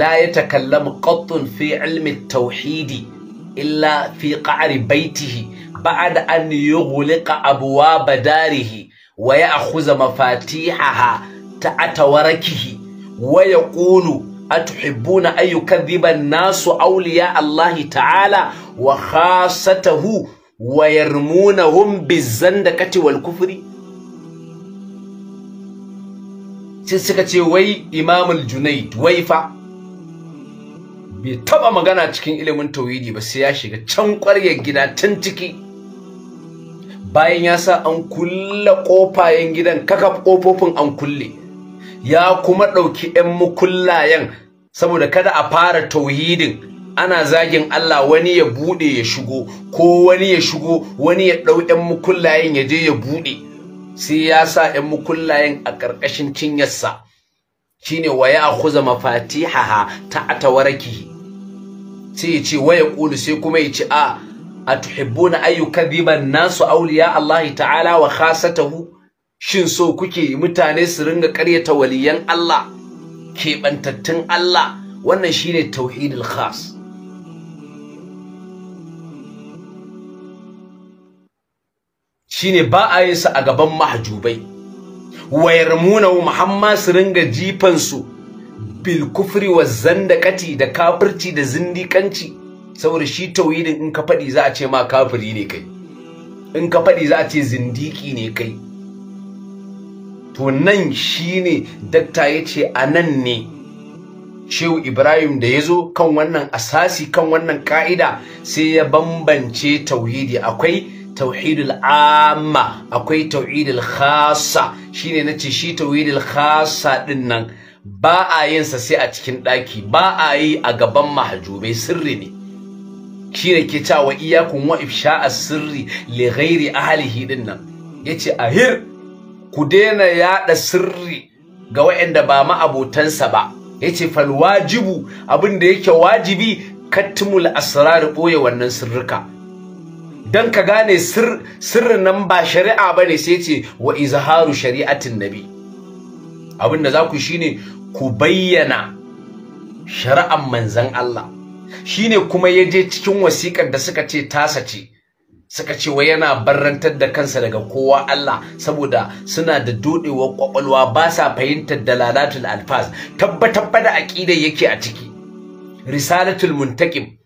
لا يتكلم قط في علم التوحيد إلا في قعر بيته بعد أن يغلق أبواب داره ويأخذ مفاتيحها تاتى وركه ويقول أتحبون أن يكذب الناس أولياء الله تعالى وخاصته ويرمونهم بالزندقة والكفر؟ sai suka ce wai imamul junaid wai fa bai taba magana cikin ilimin tauhidi ba sai ya shiga can ƙwaryar gida tun ciki bayan ya sa an kulle ƙofayen gidan kaka ƙofofin an kulle ya kuma ɗauki 'yan mukullayen saboda kada a fara tauhidin ana zagin Allah wani ya buɗe ya shigo ko wani ya shigo wani ya ɗau 'yan mukullayen ya je ya buɗe sai ya sa ‘yan mukullayen a ƙarƙashin cinyarsa shine wa ya kuza mafatihaha ta atawaraki sai ya ce waya ƙulu sai kuma ya ce a A ayyuka ayyukadhiban nasu auliya Allah ta'ala wa khasatahu shin so kuke mutane su ringa ƙaryata waliyan Allah keɓantattun Allah wannan shi ne tauhidul khas shine ba a yin sa a gaban mahjubai wayar munawu muhamma su ringa jifan su bil kufri wa zandakati da kafirci da zindikanci saboda shi tauhidin in ka faɗi za a ce ma kafiri ne kai in ka faɗi za a ce zindiki ne kai to nan shine dakta yace a nan ne Shehu Ibrahim da ya zo kan wannan asasi kan wannan ka'ida sai ya bambance tauhidi akwai tauhidul amma akwai tauhidul khassa shine nace shi tauhidul khasa din nan ba a yin sa sai a cikin daki ba a yi a gaban mahjubai sirri ne shine ke cewa iyakun wa ifsha'a sirri li ghairi ahlihi din nan yace ahir ku daina yada sirri ga waɗanda ba ma'abotansa ba yace fal wajibu abin da yake wajibi kattumul asrar boye wannan sirrika dan ka gane sirrin nan ba shari'a ne sai ce wa izharu shari'atin nabi abin da za ku shine ku bayyana shari'an manzan Allah shine kuma ya je cikin wasiƙar da suka ce tasa ce suka ce wa yana barrantar da kansa daga kowa Allah saboda suna da dodewar kwakwalwa ba sa fahimtar dalalatul alfaz tabbatar da aqida yake a ciki risalatul muntaqim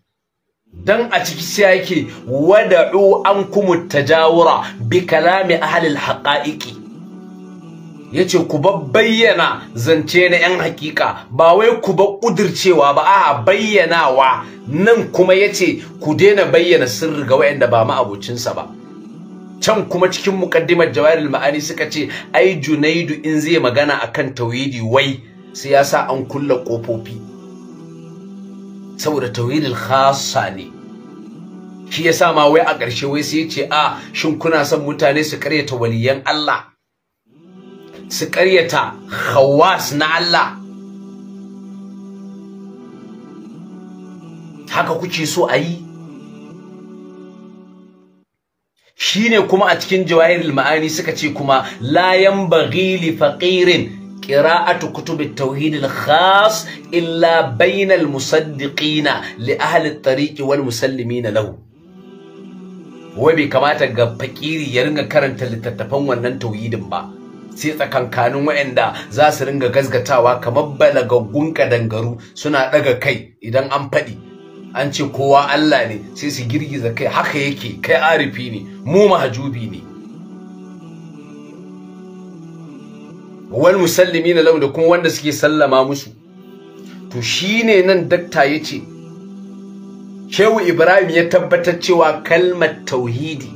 dan a ciki sai yake wada'u an kuma tajawura bi kalami ahli alhaqaiqi yace ku bayyana zance na yan hakika ba wai ku ba kudircewa ba a bayyanawa nan kuma yace ku daina bayyana sirri ga wayanda ba ma abocinsa ba can kuma cikin muqaddimar jawaril ma'ani suka ce ai junaidu in zai magana akan tauhidi wai sai ya sa an kulla kofofi saboda Tawilin khassa ne shi yasa ma wai a ƙarshe wai sai ce a shin kuna son mutane su karyata waliyan Allah su karyata khawas na Allah haka kuke so a yi shine kuma a cikin jawahirul ma'ani suka ce kuma la yanbaghi li faqirin Khas illa قراءة كتب التوحيد الخاص Wani بين na لأهل الطريق bai kamata وبي كما ya ringa karanta littattafan wannan Tauhidin ba? sai tsakankanin wayanda za su ringa gazgatawa kamar balagaggun kadangaru suna ɗaga kai idan an faɗi an ce kowa Allah ne sai su girgiza kai haka yake kai arifi ne mu mahajubi ne wal musallami lahu da kuma wanda suke sallama musu to shine nan dakta yace Shehu Ibrahim ya tabbatar cewa kalmar tauhidi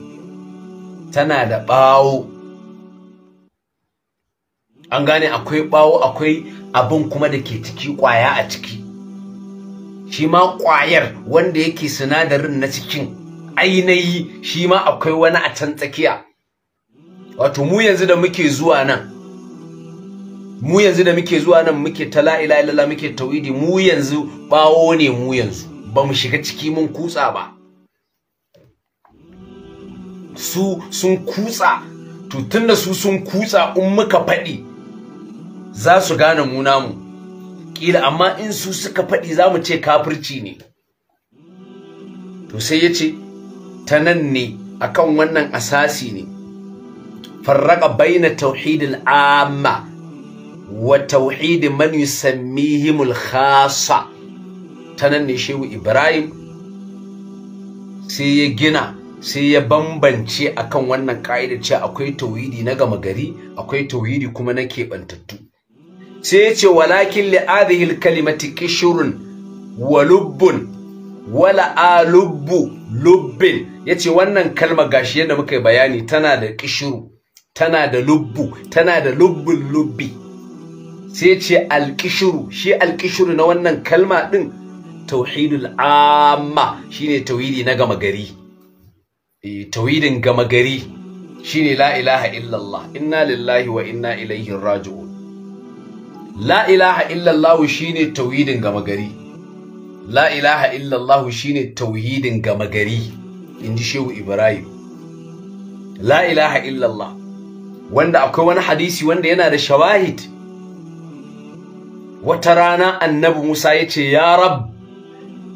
tana da bawo an gane akwai bawo akwai abin kuma da ke ciki kwaya a ciki shi ma kwayar wanda yake sinadarin na cikin ainihi shi ma akwai wani a can tsakiya wato mu yanzu da muke zuwa nan mu yanzu da muke zuwa nan muke ta la ilaha illallah muke tauhidi mu yanzu bawo ne mu yanzu ba mu shiga ciki mun kutsa ba su sun kutsa to tunda su sun kutsa in muka faɗi za su gane mu namu kila amma in su suka faɗi za mu ce kafirci ne to sai ya ce ta nan ne akan wannan asasi ne farraka baina tauhidil amma wa tauhidi man yusammihimul khassa ta nan ne shehu ibrahim sai ya gina sai ya bambance akan wannan ka'idar cewa akwai tauhidi na gama gari akwai tauhidi kuma na keɓantattu sai ya ce walakin li hadhihi kalimati kishirun wa lubbun wala alubbu lubbin yace wannan kalma gashi yadda muka yi bayani tana da kishiru tana da lubbu tana da lubbin lubbi sai ce alƙishiru shi alƙishiru na wannan kalma ɗin tauhidul amma shine tauhidi na gama gari eh, tauhidin gama gari shine la ilaha illallah inna lillahi wa inna ilaihi raji'un la ilaha illallah shine tauhidin gama gari la ilaha illallah shine tauhidin gama gari inji shehu ibrahim la ilaha illallah wanda akwai wani hadisi wanda yana da shawahid wata rana annabi Musa ya ce ya rab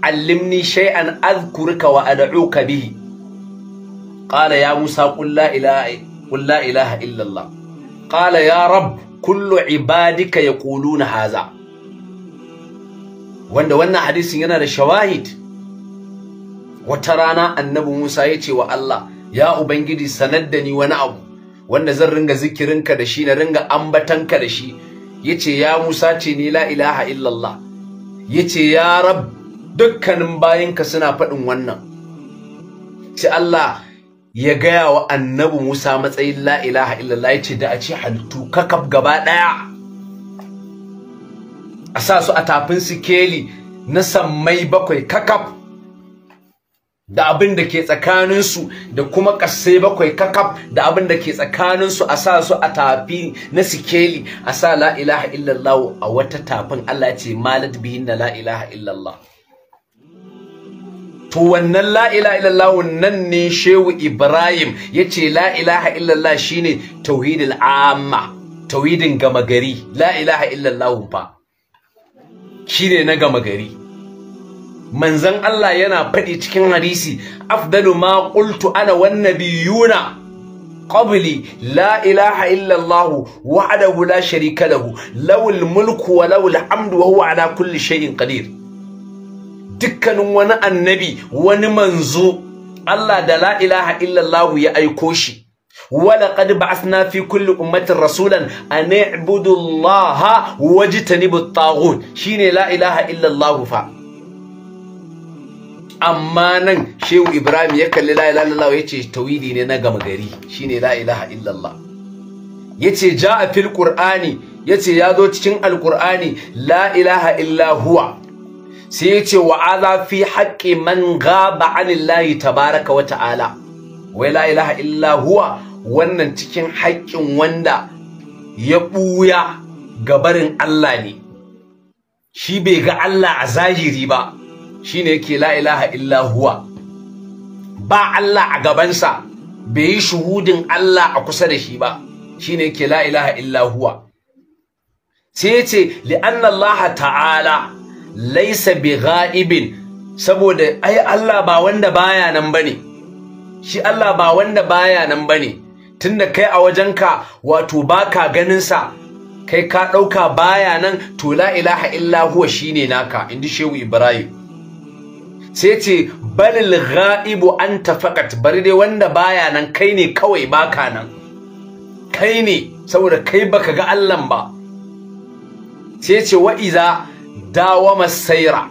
allimni an azkurka wa ad'uka bihi qala ya Musa ƙulla ilaha illallah. Ƙala ya rab kullu ibadika ya ƙulu na haza wanda wannan hadisin yana da shawahid wata rana annabi Musa ya ce wa Allah ya ubangiji sanar da ni wani abu wanda zan ringa zikirinka da shi na ringa ambatanka da shi Ya ce ya Musa ce ni la ilaha illallah Ya ce ya rab dukkanin bayinka suna faɗin wannan ce Allah ya gaya wa annabi Musa matsayin la ilaha illallah Ya ce da a ce halittu kakaf gaba ɗaya a sa su a tafin sikeli na sammai bakwai kakaf da abin da ke tsakaninsu da kuma ƙasai bakwai kakaf da abin da ke tsakaninsu a sa su a tafi na sikeli a sa la ilaha illallah a wata tafin Allah ce malad bihin na la ilaha illallah to wannan la ilaha illallah nan ne shehu Ibrahim ya ce la ilaha illallah shine tauhidul amma tauhidin gama gari la ilaha illallah ba shine na gama gari manzan Allah yana faɗi cikin hadisi afdalu ma qultu ana wan nabiyuna qabli la ilaha illa Allah wa adahu la sharika lahu lawul mulku wa lawul hamdu wa huwa ala kulli shay'in qadir dukkanin wani annabi wani manzo Allah da La'ilaha ilaha illa Allah ya aiko shi ولقد بعثنا في كل أمة رسولا أن اعبدوا الله واجتنبوا الطاغوت شين لا إله إلا الله فعل amma nan shehu ibrahim ya kalli la ilaha illallah ya ce tawili ne na gama gari shine la ilaha illallah ya ce ja a fil qur'ani ya ce ya zo cikin alqur'ani la ilaha illahuwa sai ya ce wa'aza fi haƙƙi man gaba anillahi tabaraka wa ta'ala wai la ilaha illahuwa wannan cikin haƙƙin wanda ya ɓuya gabarin Allah ne shi bai ga Allah a zahiri ba shine yake la ilaha illa huwa ba Allah a gabansa bai yi shuhudin Allah a kusa da shi ba Shi yake la ilaha illa huwa sai ya ce Allah ta'ala laisa bi ga'ibin saboda ai Allah ba wanda baya nan bane shi Allah ba wanda baya nan bane tunda kai a wajenka wato baka ganin sa kai ka ɗauka baya nan to la ilaha illa huwa shine naka indi shehu ibrahim sai ce balil ga'ibu an tafakat bari dai wanda baya nan kai ne kawai baka nan kai ne saboda kai baka ga Allah ba sai ce wa iza dawa masaira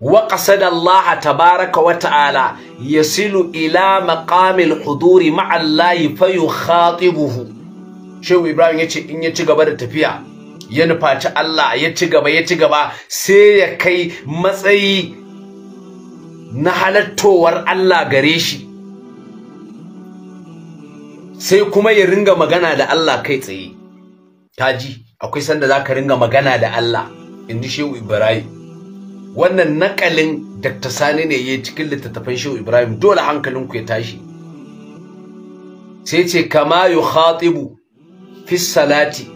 wa qasada Allah tabaraka wa ta'ala yasilu ila maqamil huduri ma'allahi Allah fa yukhatibuhu Shehu Ibrahim yace in ya ci gaba da tafiya ya nufaci Allah ya ci gaba ya ci gaba sai ya kai matsayi na halattowar Allah gare shi sai kuma ya ringa magana da Allah kai tsaye taji akwai sanda zaka ringa magana da Allah inji Shehu Ibrahim wannan nakalin Dr. Sani ne yayi cikin littattafan Shehu Ibrahim dole hankalinku ya tashi sai ce kama yukhatibu fi salati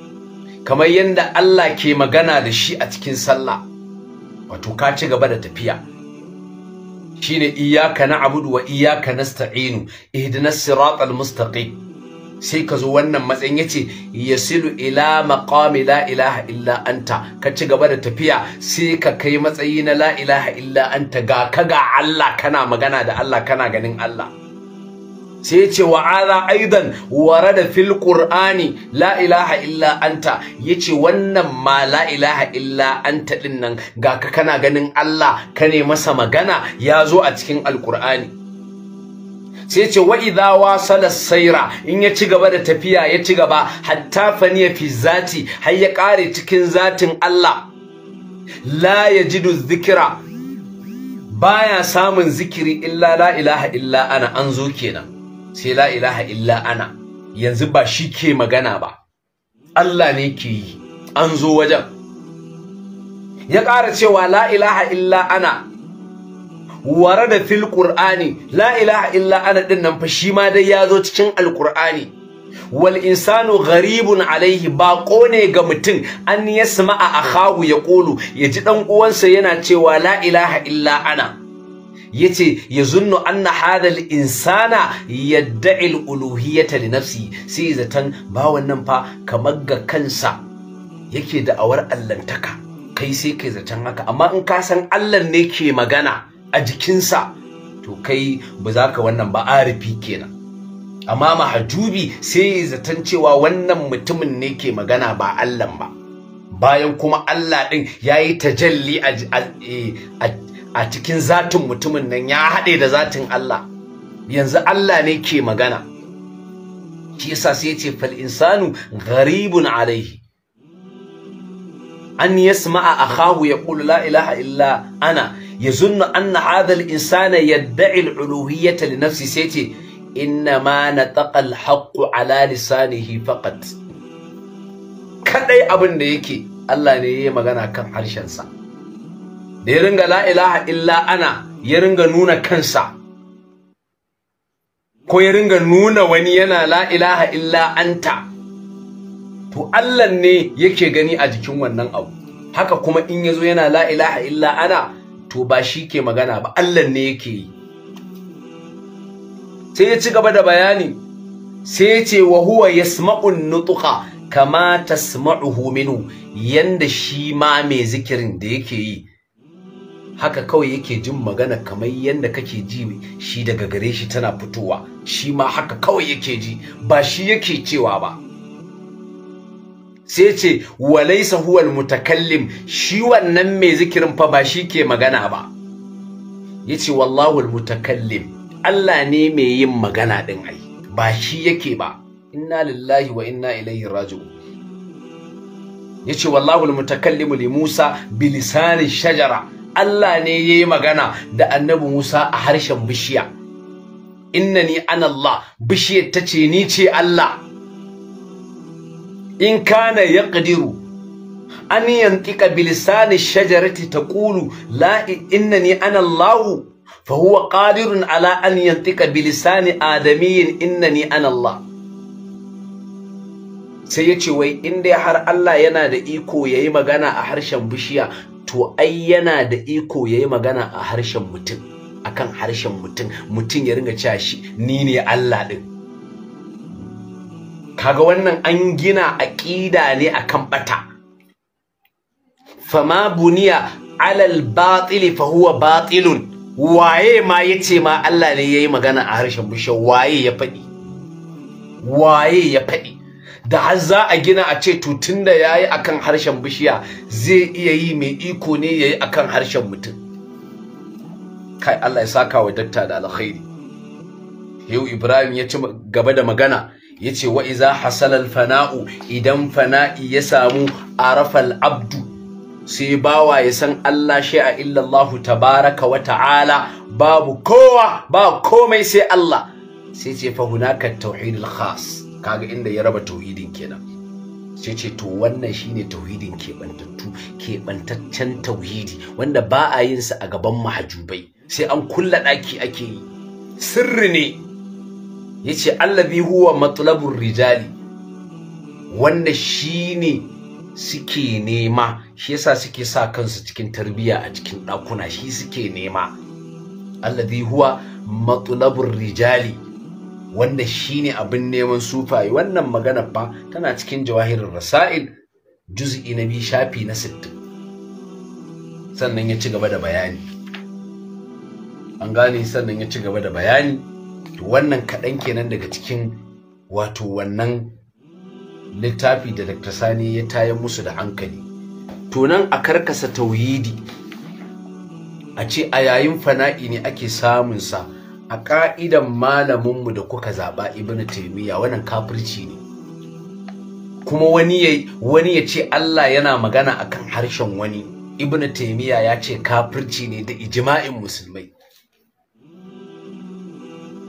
kamar yadda Allah ke magana da shi a cikin sallah wato ka ci gaba da tafiya shine iyyaka na'budu wa na nasta'inu ihdinas siratal mustaqim sai ka zo wannan matsayin yace yasilu ila maqami la ilaha illa anta ka ci gaba da tafiya sai ka kai matsayi na la ilaha illa anta ga ka ga Allah kana magana da Allah kana ganin Allah sai yace wa aza aidan warada fil qur'ani la ilaha illa anta yace wannan ma la ilaha illa anta din nan ga ka kana ganin Allah ka ne masa magana ya zo a cikin alqur'ani sai ce wa idza wasala saira in ya ci gaba da tafiya ya ci gaba hatta fani fi zati har ya kare cikin zatin Allah la yajidu zikira baya samun zikiri illa la ilaha illa ana an zo kenan sai la ilaha illa ana yanzu ba shi ke magana ba Allah ne ke yi an zo wajen ya ƙara cewa la ilaha illa ana ware da fil ƙur'ani la ilaha illa ana ɗin nan fa shi ma dai ya zo cikin Alƙur'ani. wal insanu gharibun alaihi ba ne ga mutum an ya akhahu ya ji ɗan uwansa yana cewa la ilaha illa ana yace yazunnu anna Hadal insana yad'i al-uluhiyyata li nafsi sai zatan ba wannan fa kamar ga kansa yake da awar allantaka kai sai kai zaton haka amma in ka san Allah ne ke magana a jikinsa to kai ba za ka wannan ba arifi kenan amma mahajubi sai zaton cewa wannan mutumin ne ke magana ba Allah ba bayan kuma Allah ɗin yayi tajalli a eh, a cikin zatin mutumin nan ya haɗe da zatin Allah yanzu Allah ne ke magana shi yasa sai yace fal insanu gharibun alaihi an yasma'a akhahu yaqulu la ilaha illa ana yazunnu anna hadha al insana yad'i al uluhiyyata li nafsi sai ce inna ma nataqa al haqq ala lisanihi faqat kadai abin da yake Allah ne ya magana kan harshen sa da ya ringa la'ilaha illa ana ya ringa nuna kansa ko ya ringa nuna wani yana la'ilaha illa anta to Allah ne yake gani a jikin wannan abu haka kuma in ya zo yana la'ilaha illa ana to ba shi ke magana ba Allah ne yake yi sai ya ci gaba da bayani sai ya ce wa huwa yasma'un nutuka kama tasma'uhu minu yanda shi ma mai zikirin da yake yi haka kawai yake jin magana kamar yadda kake ji shi daga gare shi tana fitowa shi ma haka kawai yake ji ba shi yake cewa ba sai ce walaisa huwal mutakallim shi wannan mai zikirin fa ba shi ke magana ba yace wallahu mutakallim Allah ne mai yin magana din ai ba shi yake ba inna lillahi wa inna ilaihi raji'un yace wallahu mutakallimu li Musa bilisanin shajara Allah ne ya yi magana da annabi Musa a harshen bishiya ni an Allah bishiyar ta ce ni ce Allah in kana ƙadiru, an yantika bilisani shajarati la’i inna ni an Allah fa huwa ƙadirun ala an ni adamiyin inna ni an Allah sai ya ce wai in dai har Allah yana da iko ya yi magana a harshen bishiya to ai yana da iko yayi magana a harshen mutum akan harshen mutum mutum ya ringa cewa shi ni ne Allah din kaga wannan an gina aƙida ne akan bata fama buniya alal batsili, fa huwa batilun waye ma yace ma Allah ne yayi magana a harshen bushe waye ya faɗi waye ya faɗi da har za a gina a ce to tunda yayi akan harshen bishiya zai iya yi mai iko ne yayi akan harshen mutum kai Allah ya saka wa dakta da alkhairi yau Ibrahim ya ci gaba da magana ya ce wa iza hasalal fana'u idan fana'i ya samu arafal abdu sai bawa ya san Allah shi a illallahu tabaraka wa ta'ala babu kowa ba komai sai Allah sai ce fa hunaka tauhidul khas kaga inda ya raba tauhidin kenan sai ce to wannan shine tauhidin kebantattu, keɓantaccen tauhidi wanda ba a yin sa a gaban mahajubai sai an kulla ɗaki ake yi sirri ne yace ce huwa matlabur rijali wanda shine suke nema shi yasa suke sa kansu cikin tarbiya a cikin ɗakuna shi suke nema allazi huwa matlabur rijali wanda shine abin neman sufaye wannan magana fa tana cikin jawahirin rasail juz'i na biyu shafi na sittin sannan ya ci gaba da bayani an gane sannan ya ci gaba da bayani wannan kaɗan kenan daga cikin wato wannan littafi da Dr. Sani ya taya musu da hankali to a karkasa tauhidi a ce a yayin fana'i ne ake samun sa a ƙa'idan malaminmu da kuka zaɓa ibnu taimiyya wannan kafirci ne kuma wani ya ce Allah yana magana akan harshen wani ibnu taimiyya ya ce kafirci ne da ijma'in musulmai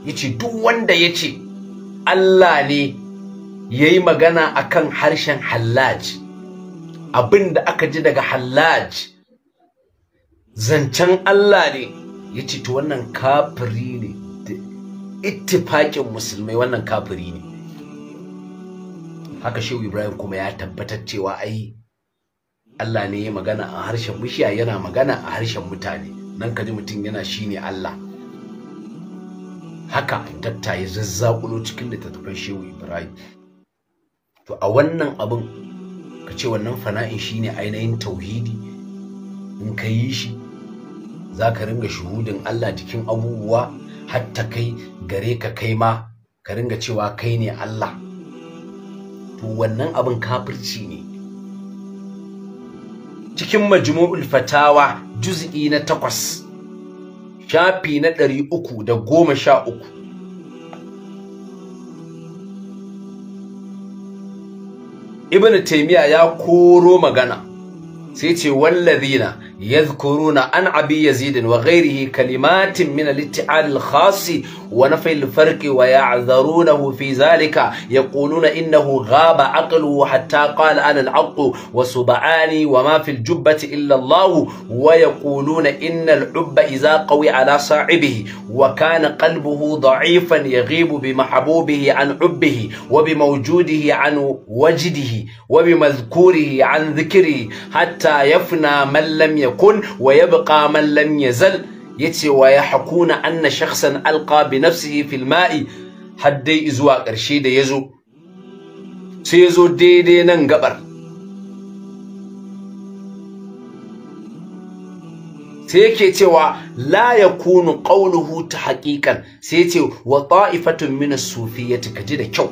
yace duk wanda ya ce Allah ne ya yi magana akan harshen hallaj abin da aka ji daga hallaj zancen Allah ne ya ce to wannan kafiri ne da ittifaƙin musulmai wannan kafiri ne haka shehu ibrahim kuma ya tabbatar cewa ai Allah ne ya magana a harshen bishiya yana magana a harshen mutane nan ka ji mutum yana shine Allah haka datta ya zazzakulo cikin da littattafan shehu ibrahim to a wannan abin ka ce wannan fana'in shine ainihin tauhidi in ka yi shi za ka ringa shuhudin Allah jikin abubuwa hatta kai gare ka kai ma ka ringa cewa kai ne Allah to wannan abin kafirci ne cikin majmu'ul fatawa juz'i na takwas shafi na ɗari uku da goma sha uku ibn taimiya ya koro magana sai ce wallazina يذكرون عن أبي يزيد وغيره كلمات من الاتعال الخاص ونفي الفرق ويعذرونه في ذلك يقولون إنه غاب عقله حتى قال أنا العق وسبعاني وما في الجبة إلا الله ويقولون إن الحب إذا قوي على صاحبه وكان قلبه ضعيفا يغيب بمحبوبه عن حبه وبموجوده عن وجده وبمذكوره عن ذكره حتى يفنى من لم يكن yakun wa yabqa man lam yazal yace wa yahkuna anna shakhsan alqa bi nafsihi fil ma'i haddai zuwa ƙarshe da yazo sai yazo daidai nan gabar sai yake cewa la yakunu qawluhu ta haqiqan sai yace wa ta'ifatun min as-sufiyyati kaji da kyau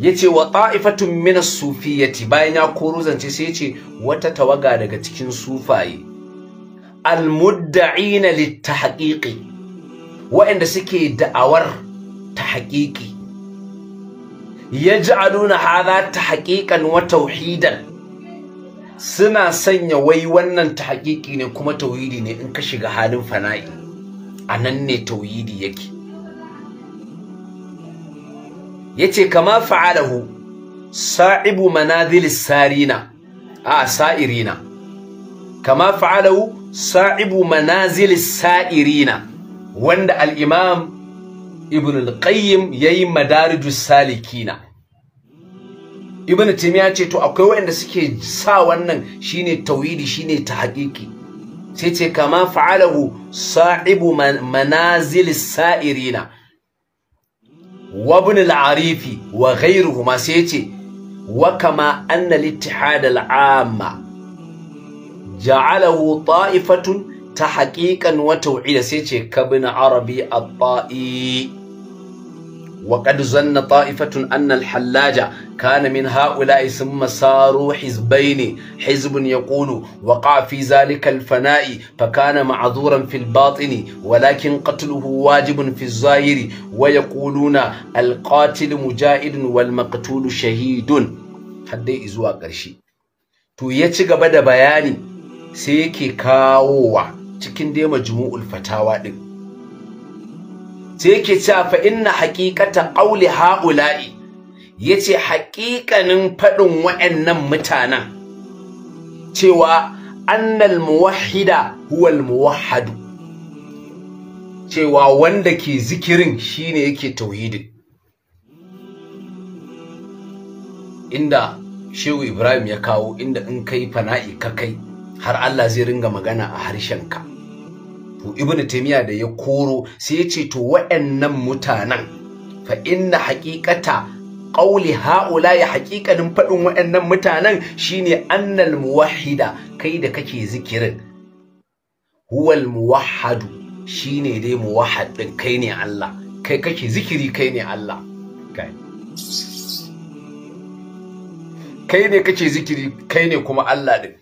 yace wa ta'ifatun min as-sufiyyati bayan ya koro zance sai yace wata tawaga daga cikin sufaye al-mudda'ina lit-tahqiqi wa'anda suke da'awar tahqiqi yaj'aluna hadha tahqiqan wa tauhidan suna sanya wai wannan tahqiqi ne kuma tauhidi ne in ka shiga halin fana'i anan ne tauhidi yake yace kama fa'alahu sa'ibu manazilis sarina a sa'irina kama fa'alahu sa'ibu manazilis sa'irina wanda al-imam ibn al-qayyim yayi madarijus salikina ibn taymiya ce to akwai wanda suke sa wannan shine tauhidi shine tahqiqi sai ce kama fa'alahu sa'ibu manazilis sa'irina wa ibn al-arifi wa ghayruhuma sai ce wakama kama anna al-ittihad al-amma ja'alahu ta'ifatun ta haqiqan wa tauhida sai yace kabin arabi at وقد ظن طائفة أن الحلاج كان من هؤلاء ثم صاروا حزبين حزب يقول وقع في ذلك الفناء فكان معذورا في الباطن ولكن قتله واجب في الظاهر ويقولون القاتل مجاهد والمقتول شهيد حد إزوا قرشي تو يتشغب بدا بياني سيكي كاووا تكين دي مجموع الفتاوى دي sai yake cewa fa inna haqiqata qawli haula'i yace haqiqanin faɗin wa'annan mutanen cewa annal muwahhida huwal muwahhad cewa wanda ke zikirin shine yake tauhidin inda Shehu Ibrahim ya kawo inda in kai fana'i ka kai har Allah zai ringa magana a harshenka to ibnu taymiya da ya koro sai ya ce to wa'annan mutanen fa inna haqiqata qawli haula ya haqiqanin fadin wa'annan mutanen shine annal muwahhida kai da kake zikirin huwal muwahhadu shine dai muwahhad din kai ne Allah kai kake zikiri kai ne Allah kai kai ne kake zikiri kai ne kuma Allah din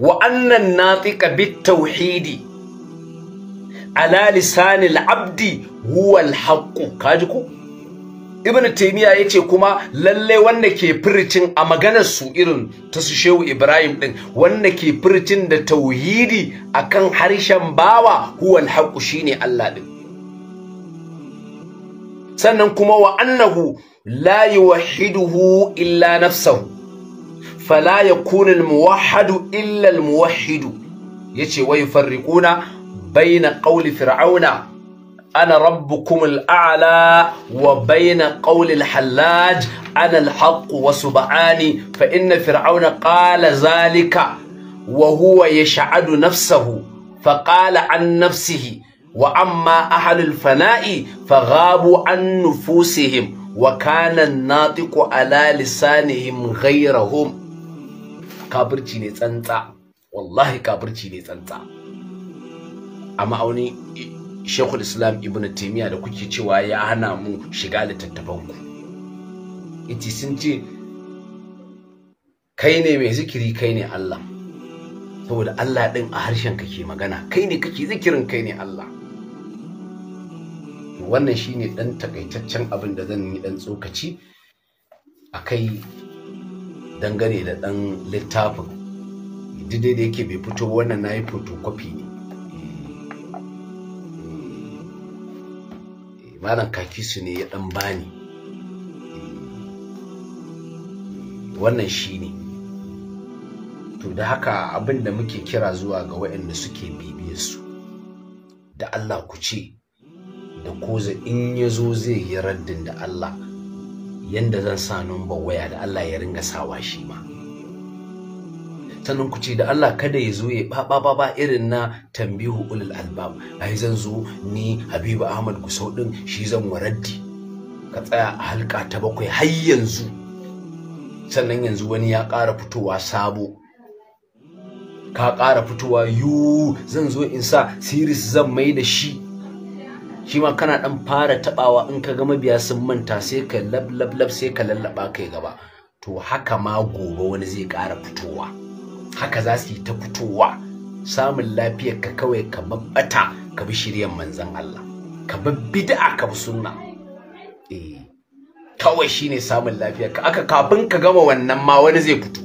wa annan natiqa bit tauhidi ala lisanil abdi huwal haqqu kaji ku ibn taymiya yace kuma lalle wanda ke furcin a maganar su irin ta su shehu ibrahim din wanda ke furcin da tauhidi akan harshen bawa huwal haqqu shine Allah din sannan kuma wa annahu la yuwahhiduhu illa nafsahu fala yakunu al muwahhadu illa al muwahhidu yace wa yufarriquna بين قول فرعون أنا ربكم الأعلى وبين قول الحلاج أنا الحق وسبعاني فإن فرعون قال ذلك وهو يشعد نفسه فقال عن نفسه وأما أهل الفناء فغابوا عن نفوسهم وكان الناطق على لسانهم غيرهم كابرتي نتنتا والله كابرتي نتنتا a ma'auni shekul islam ibn taimiyya da kuke cewa ya hana mu shiga littattafanku iti sun ce kai ne mai zikiri kai ne allah saboda allah ɗin a harshen ka ke magana kai ne kake zikirin kai ne allah wannan shine ɗan takaitaccen abin da zan yi ɗan tsokaci a kai dangane da ɗan littafin daidai da yake bai fito wannan na yi fotokofi ne malam kakisu ne ya dan bani wannan shi ne to da haka abin da muke kira zuwa ga waɗanda suke su da Allah ku ce da koza in ya zo zai yi raddin da Allah yanda zan sa numba waya da Allah ya ringa sawa shi ma sannan ku ce da Allah kada ya zo ya ba ba ba irin na tambihu ulul albab ai zan zo ni Habibu Ahmad Gusau din shi zan waraddi ka tsaya a halka ta bakwai har yanzu sannan yanzu wani ya ƙara fitowa sabo ka ƙara fitowa yu zan zo in sa siris zan mai da shi shi ma kana ɗan fara taɓawa in ka ga mabiya sun manta sai ka lab lab lab sai ka lallaba kai gaba to haka ma gobe wani zai ƙara fitowa haka za su yi ta fitowa samun lafiyar ka kawai ka babbata ka bi shiryan manzan Allah ka bi bid'a ka bi sunna eh kawai shine samun lafiyar ka aka kafin ka gama wannan ma wani zai fito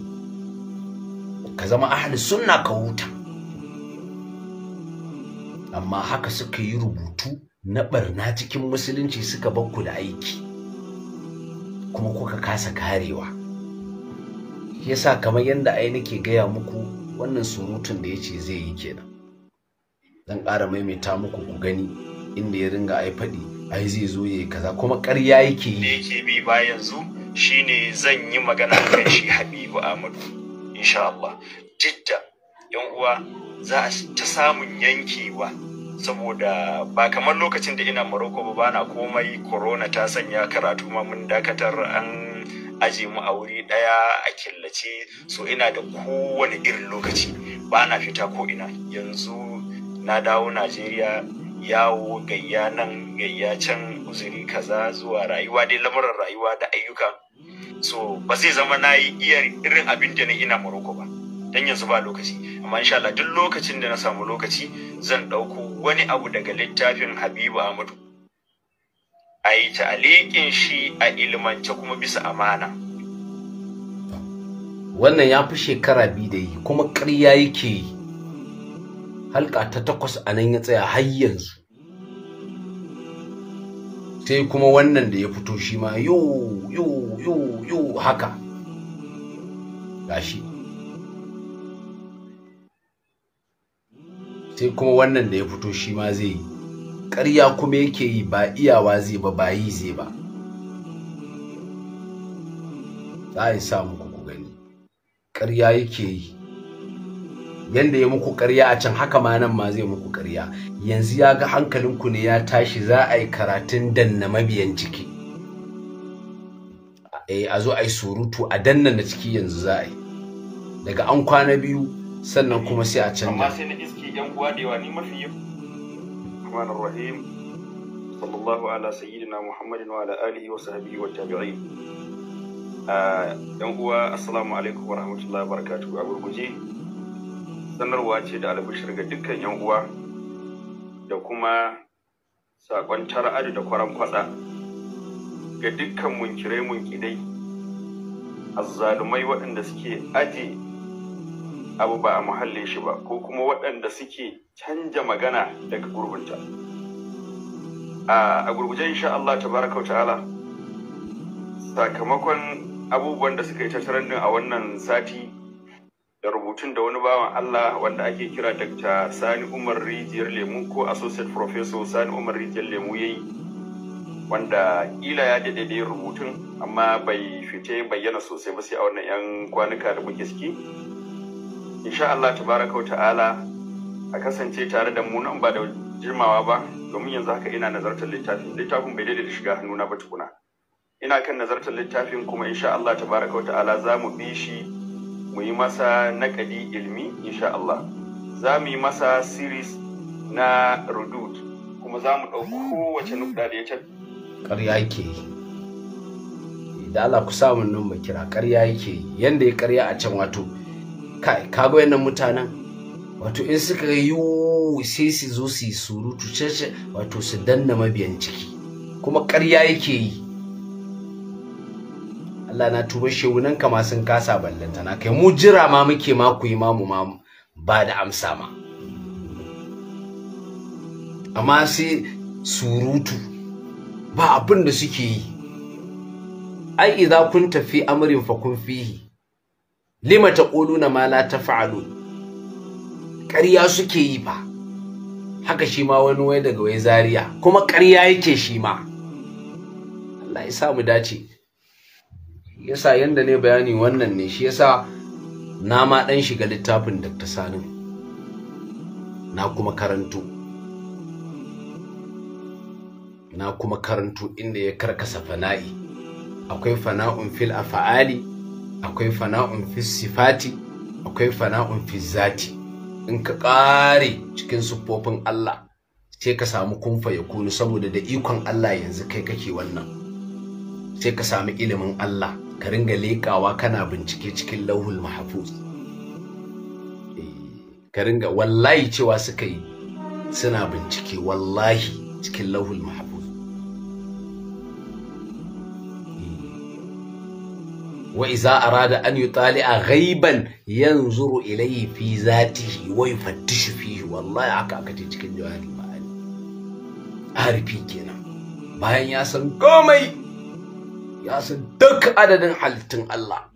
ka zama ahli sunna ka huta amma haka suka yi rubutu na barna cikin musulunci suka bakku da aiki kuma kuka kasa karewa shi yasa kamar yadda ai nake gaya muku wannan surutun da ya ce zai yi kenan zan ƙara maimaita muku ku gani inda ya ringa ai faɗi ai zai zo ya kaza kuma ƙarya yake yi da yake bi ba yanzu shine zan yi magana kan shi Habibu Ahmadu insha Allah duk da yan uwa za a ta samun yankewa saboda ba kamar lokacin da ina Morocco ba bana komai corona ta sanya karatu ma mun dakatar an aje mu a wuri ɗaya a killace so ina da kowane irin lokaci ba na fita ko ina yanzu na dawo najeriya yawo gayya nan gayya can uzuri kaza zuwa rayuwa dai lamuran rayuwa da ayyuka so ba zai zama na yi iya irin abin da na ina Morocco ba dan yanzu ba lokaci amma insha Allah duk lokacin da na samu lokaci zan ɗauko wani abu daga littafin Habibu Ahmadu a yi alikin shi a ilimance kuma bisa amana wannan ya fi shekara biyu da yi kuma ƙarya yake yi halka ta takwas a nan ya tsaya har yanzu sai kuma wannan da ya fito shi ma yo yo yo yo haka gashi sai kuma wannan da ya fito shi ma zai yi ƙarya kuma yake yi ba iyawa zai ba ba yi zai ba za a yi sa muku ku gani ƙarya yake yi Yadda ya muku ƙarya a can haka ma nan ma zai muku ƙarya yanzu ya ga hankalinku ne ya tashi za a yi karatun danna mabiyan ciki eh, a zo a yi surutu a danna na ciki yanzu za a yi daga an kwana biyu sannan kuma sai a canja da الرحمن الرحيم صلى الله على سيدنا محمد وعلى آله وصحبه والتابعين yan uwa عليكم alaikum الله وبركاته a gurguje sanarwa ce da albishir ga dukkan yan uwa da kuma sakon tara'adu da kwaran kwatsa ga dukkan munkirai munkidai azzalumai waɗanda suke aje abu ba a muhallin shi ba ko kuma waɗanda suke canja magana daga gurbinta a gurguje insha Allah tabaraka ta'ala sakamakon abubuwan da suka yi ta trending a wannan sati da rubutun da wani bawan Allah wanda ake kira Dr. Sani Umar Rijiyar Lemu ko Associate Professor Sani Umar Rijiyar Lemu ya yi wanda Ila ya daɗe da rubutun amma bai fite bayyana sosai ba sai a wannan 'yan kwanuka da muke ciki insha Allah tabaraka ta'ala a kasance tare da mu nan ba da jimawa ba domin yanzu haka ina nazartar littafin littafin bai daidai da shiga hannuna ba tukuna ina kan nazartar littafin kuma insha Allah tabaraka ta'ala za mu bi shi mu yi masa naƙadi ilmi insha Allah za mu yi masa series na rudud kuma za mu ɗauki kowace nukɗa da ya ta ƙarya yake yi da Allah ku samu nan mu kira ƙarya yake yanda ya ƙarya a can wato kai kaga wannan mutanen wato in suka yi sai su zo su yi surutu cece wato su danna mabiyan ciki kuma ƙarya yake yi Allah na tuba shewunan kama sun kasa ballanta na kai mu jira ma muke ma ku yi mamu ma ba da amsa ma amma sai surutu ba abin da suke yi ai idza kun tafi amrin fa kun fihi lima ta taquluna ma la fa'alu ƙarya suke yi ba haka shi ma wani wai daga wai Zariya. kuma ƙarya yake shi ma Allah ya sa mu dace yasa yanda ne bayani wannan ne shi yasa na ma dan shiga littafin Dr. Salim na kuma karanto na kuma karanto inda ya karkasa fana'i akwai fana'un fil afa'ali akwai fana'un fi sifati akwai fana'un fi zati in ka ƙare cikin siffofin Allah sai ka samu kumfa ya kunu saboda da ikon Allah yanzu kai kake wannan sai ka samu ilimin Allah ka ringa leƙawa kana bincike cikin lauhul mahfuz eh, ka ringa wallahi cewa suka yi suna bincike wallahi cikin lauhul mahfuz wa iza arada an yutali'a ghaiban yanzuru ilayhi fi zatihi wa yufattishu fihi wallahi aka ce cikin jawahirul ma'ani arifi bayan ya san komai ya san duk adadin halittun Allah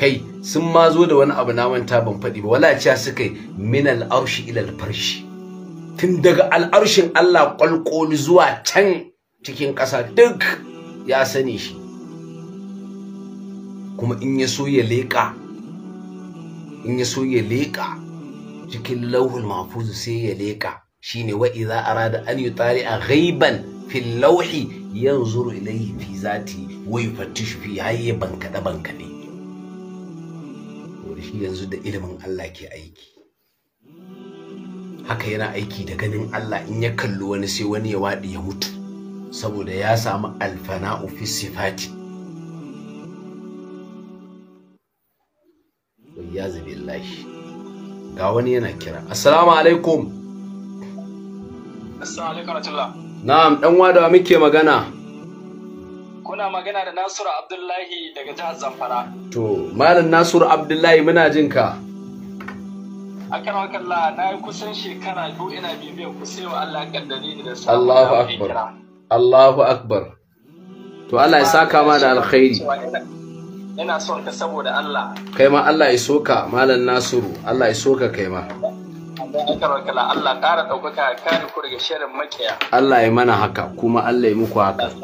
kai sun ma zo da wani abu na manta ban faɗi ba wala cewa suka yi min al'arshi ila tun daga al'arshin Allah kwalkoli zuwa can cikin ƙasa duk ya sani shi kuma in ya so ya leƙa in ya so ya leƙa cikin lauhul mahfuz sai ya leƙa shine wa idza arada an a ghaiban fil lawhi yanzuru ilayhi fi zati wa yufattishu fi hayya bankada bankade Wani shi yanzu da ilimin Allah ke aiki haka yana aiki da ganin Allah in ya kalli wani sai wani ya waɗi ya mutu saboda ya samu alfana'u fi sifati iyazu billahi ga wani yana kira assalamu alaikum assalamu alaikum ratullah na'am dan wada muke magana kuna magana da nasiru abdullahi daga jihar zamfara to malam nasiru abdullahi muna jin ka akan wakalla na yi kusan shekara biyu ina bibiyar ku sai wa Allah kaddare ni da sa Allahu akbar Allahu akbar to Allah ya saka ma da alkhairi ina son ka saboda Allah kai ma Allah ya soka malam Nasiru Allah ya soka kai ma Allah ƙara ɗaukaka kare ku daga shirin makiya Allah ya mana haka kuma Allah ya muku haka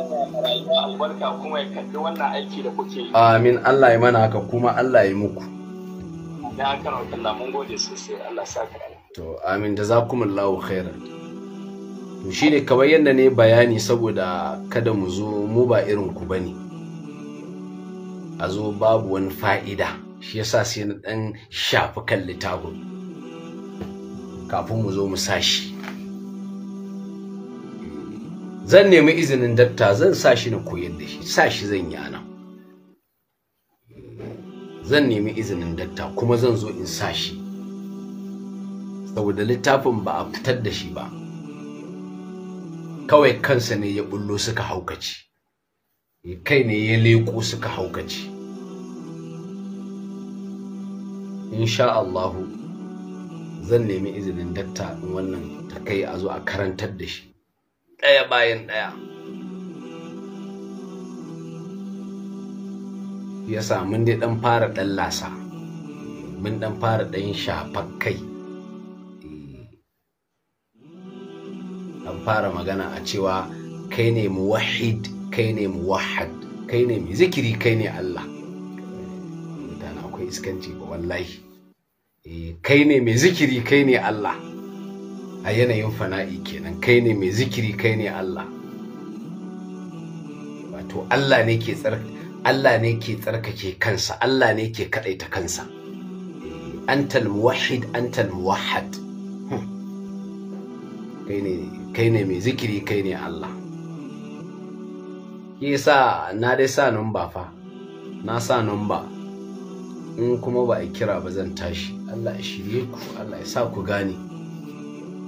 albarka kuma ya kalli wannan aiki da kuke yi amin Allah ya mana haka kuma Allah ya muku da aka rawar Allah mun gode sosai Allah sa ka to amin da jazakumullahu khairan to ne kamar yadda ne bayani saboda kada mu zo mu ba irin ku ba ne. a zo babu wani fa'ida shi yasa sai na ɗan shafi kan littafin kafin mu zo mu sa shi zan nemi izinin datta zan sa shi na koyar da shi sa shi zan yi ana. zan nemi izinin datta kuma zan zo in sa shi saboda littafin ba a fitar da shi ba kawai kansa ne ya bullo suka haukaci kai ne ya leko suka haukace insha Allahu zan nemi izinin dakta wannan ta kai a zo a karantar da shi ɗaya bayan ɗaya yasa mun dai ɗan fara ɗan lasa mun ɗan fara ɗan shafar kai Dan fara magana a cewa kai ne muwahid kai ne muwahad? kai ne mai zikiri kai ne Allah mutane akwai iskanci ba wallahi eh, kai ne mai zikiri kai ne Allah a yanayin fana'i kenan kai ne mai zikiri kai ne Allah wato Allah ne ke tsar Allah ne ke tsarkake kansa Allah ne ke kaɗaita kansa eh, antal muwahid, antal muwahad. Hmm. kai ne mai zikiri kai ne Allah sa na dai sa numba fa na sa numba in kuma ba a kira ba zan tashi Allah ya shirye ku Allah ya sa ku gane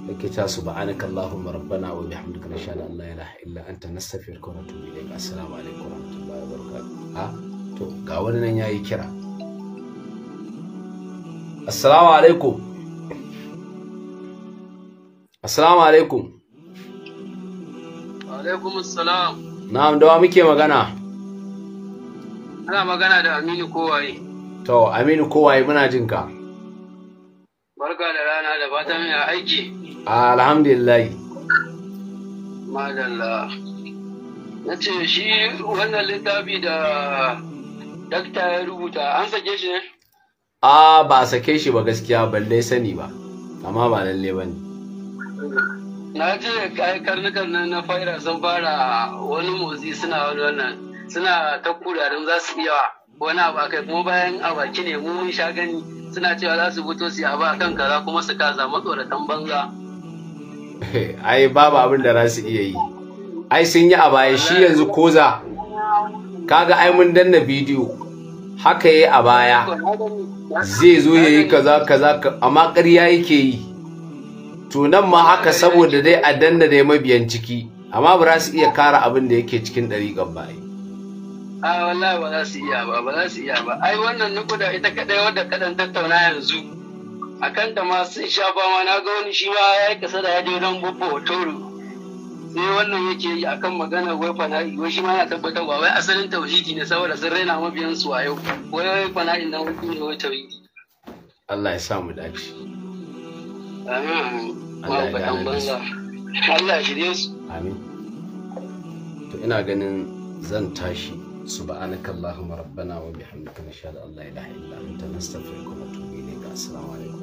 likita subhanaka allahumma rabbana wa bihamdika nashhadu an la ilaha illa anta nastaghfiruka wa natubu ilayk assalamu alaikum wa rahmatullahi wa barakatuh ha to ga wani nan yayi kira assalamu alaikum assalamu alaikum alaikum assalam Na'am da wa muke magana? Ana magana da Aminu Kowaye. To, Aminu Kowaye muna jin ka. Barka da rana da fatan ya aiki. Alhamdulillah. Madalla. Na ce shi wannan littafi da dakta ya rubuta an sake shi ne? A ba sake shi ba gaskiya balle sani ba, amma ba lalle ba ne. na ji karnukan nan na fara sun fara wani motsi suna wani wannan suna ta kudarin za su yawa wani abu akai kuma bayan a baki ne mu mun sha gani suna cewa za su fito su a kan kaza kuma su kaza matsoratan banza (laughs) ai babu abin da za su iya yi ai sun yi a baya shi yanzu koza kaga ai mun danna bidiyo haka yi a baya zai zo ya yi kaza kaza amma ƙarya yake yi to nan ma haka saboda dai a danna da mabiyan ciki amma ba za su iya kara abin da yake cikin ɗari gaba a wallahi ba za su iya ba ba za su iya ba ai wannan da ita kadai wadda kadan tattauna yanzu akan da ma sun sha fama na ga wani shi ba, ya yi kasa da ya je don bubba otoro sai wannan yake yi akan magana wai fana'i wai shi ma yana tabbatarwa wai asalin tauhidi ne saboda sun raina mabiyan su a yau wai wai fana'i na hukumi ne wai tauhidi Allah ya sa mu dace. Amin. Allah ya shirye su amin to ina ganin zan tashi سبحانك اللهم ربنا وبحمدك نشهد ان لا اله الا انت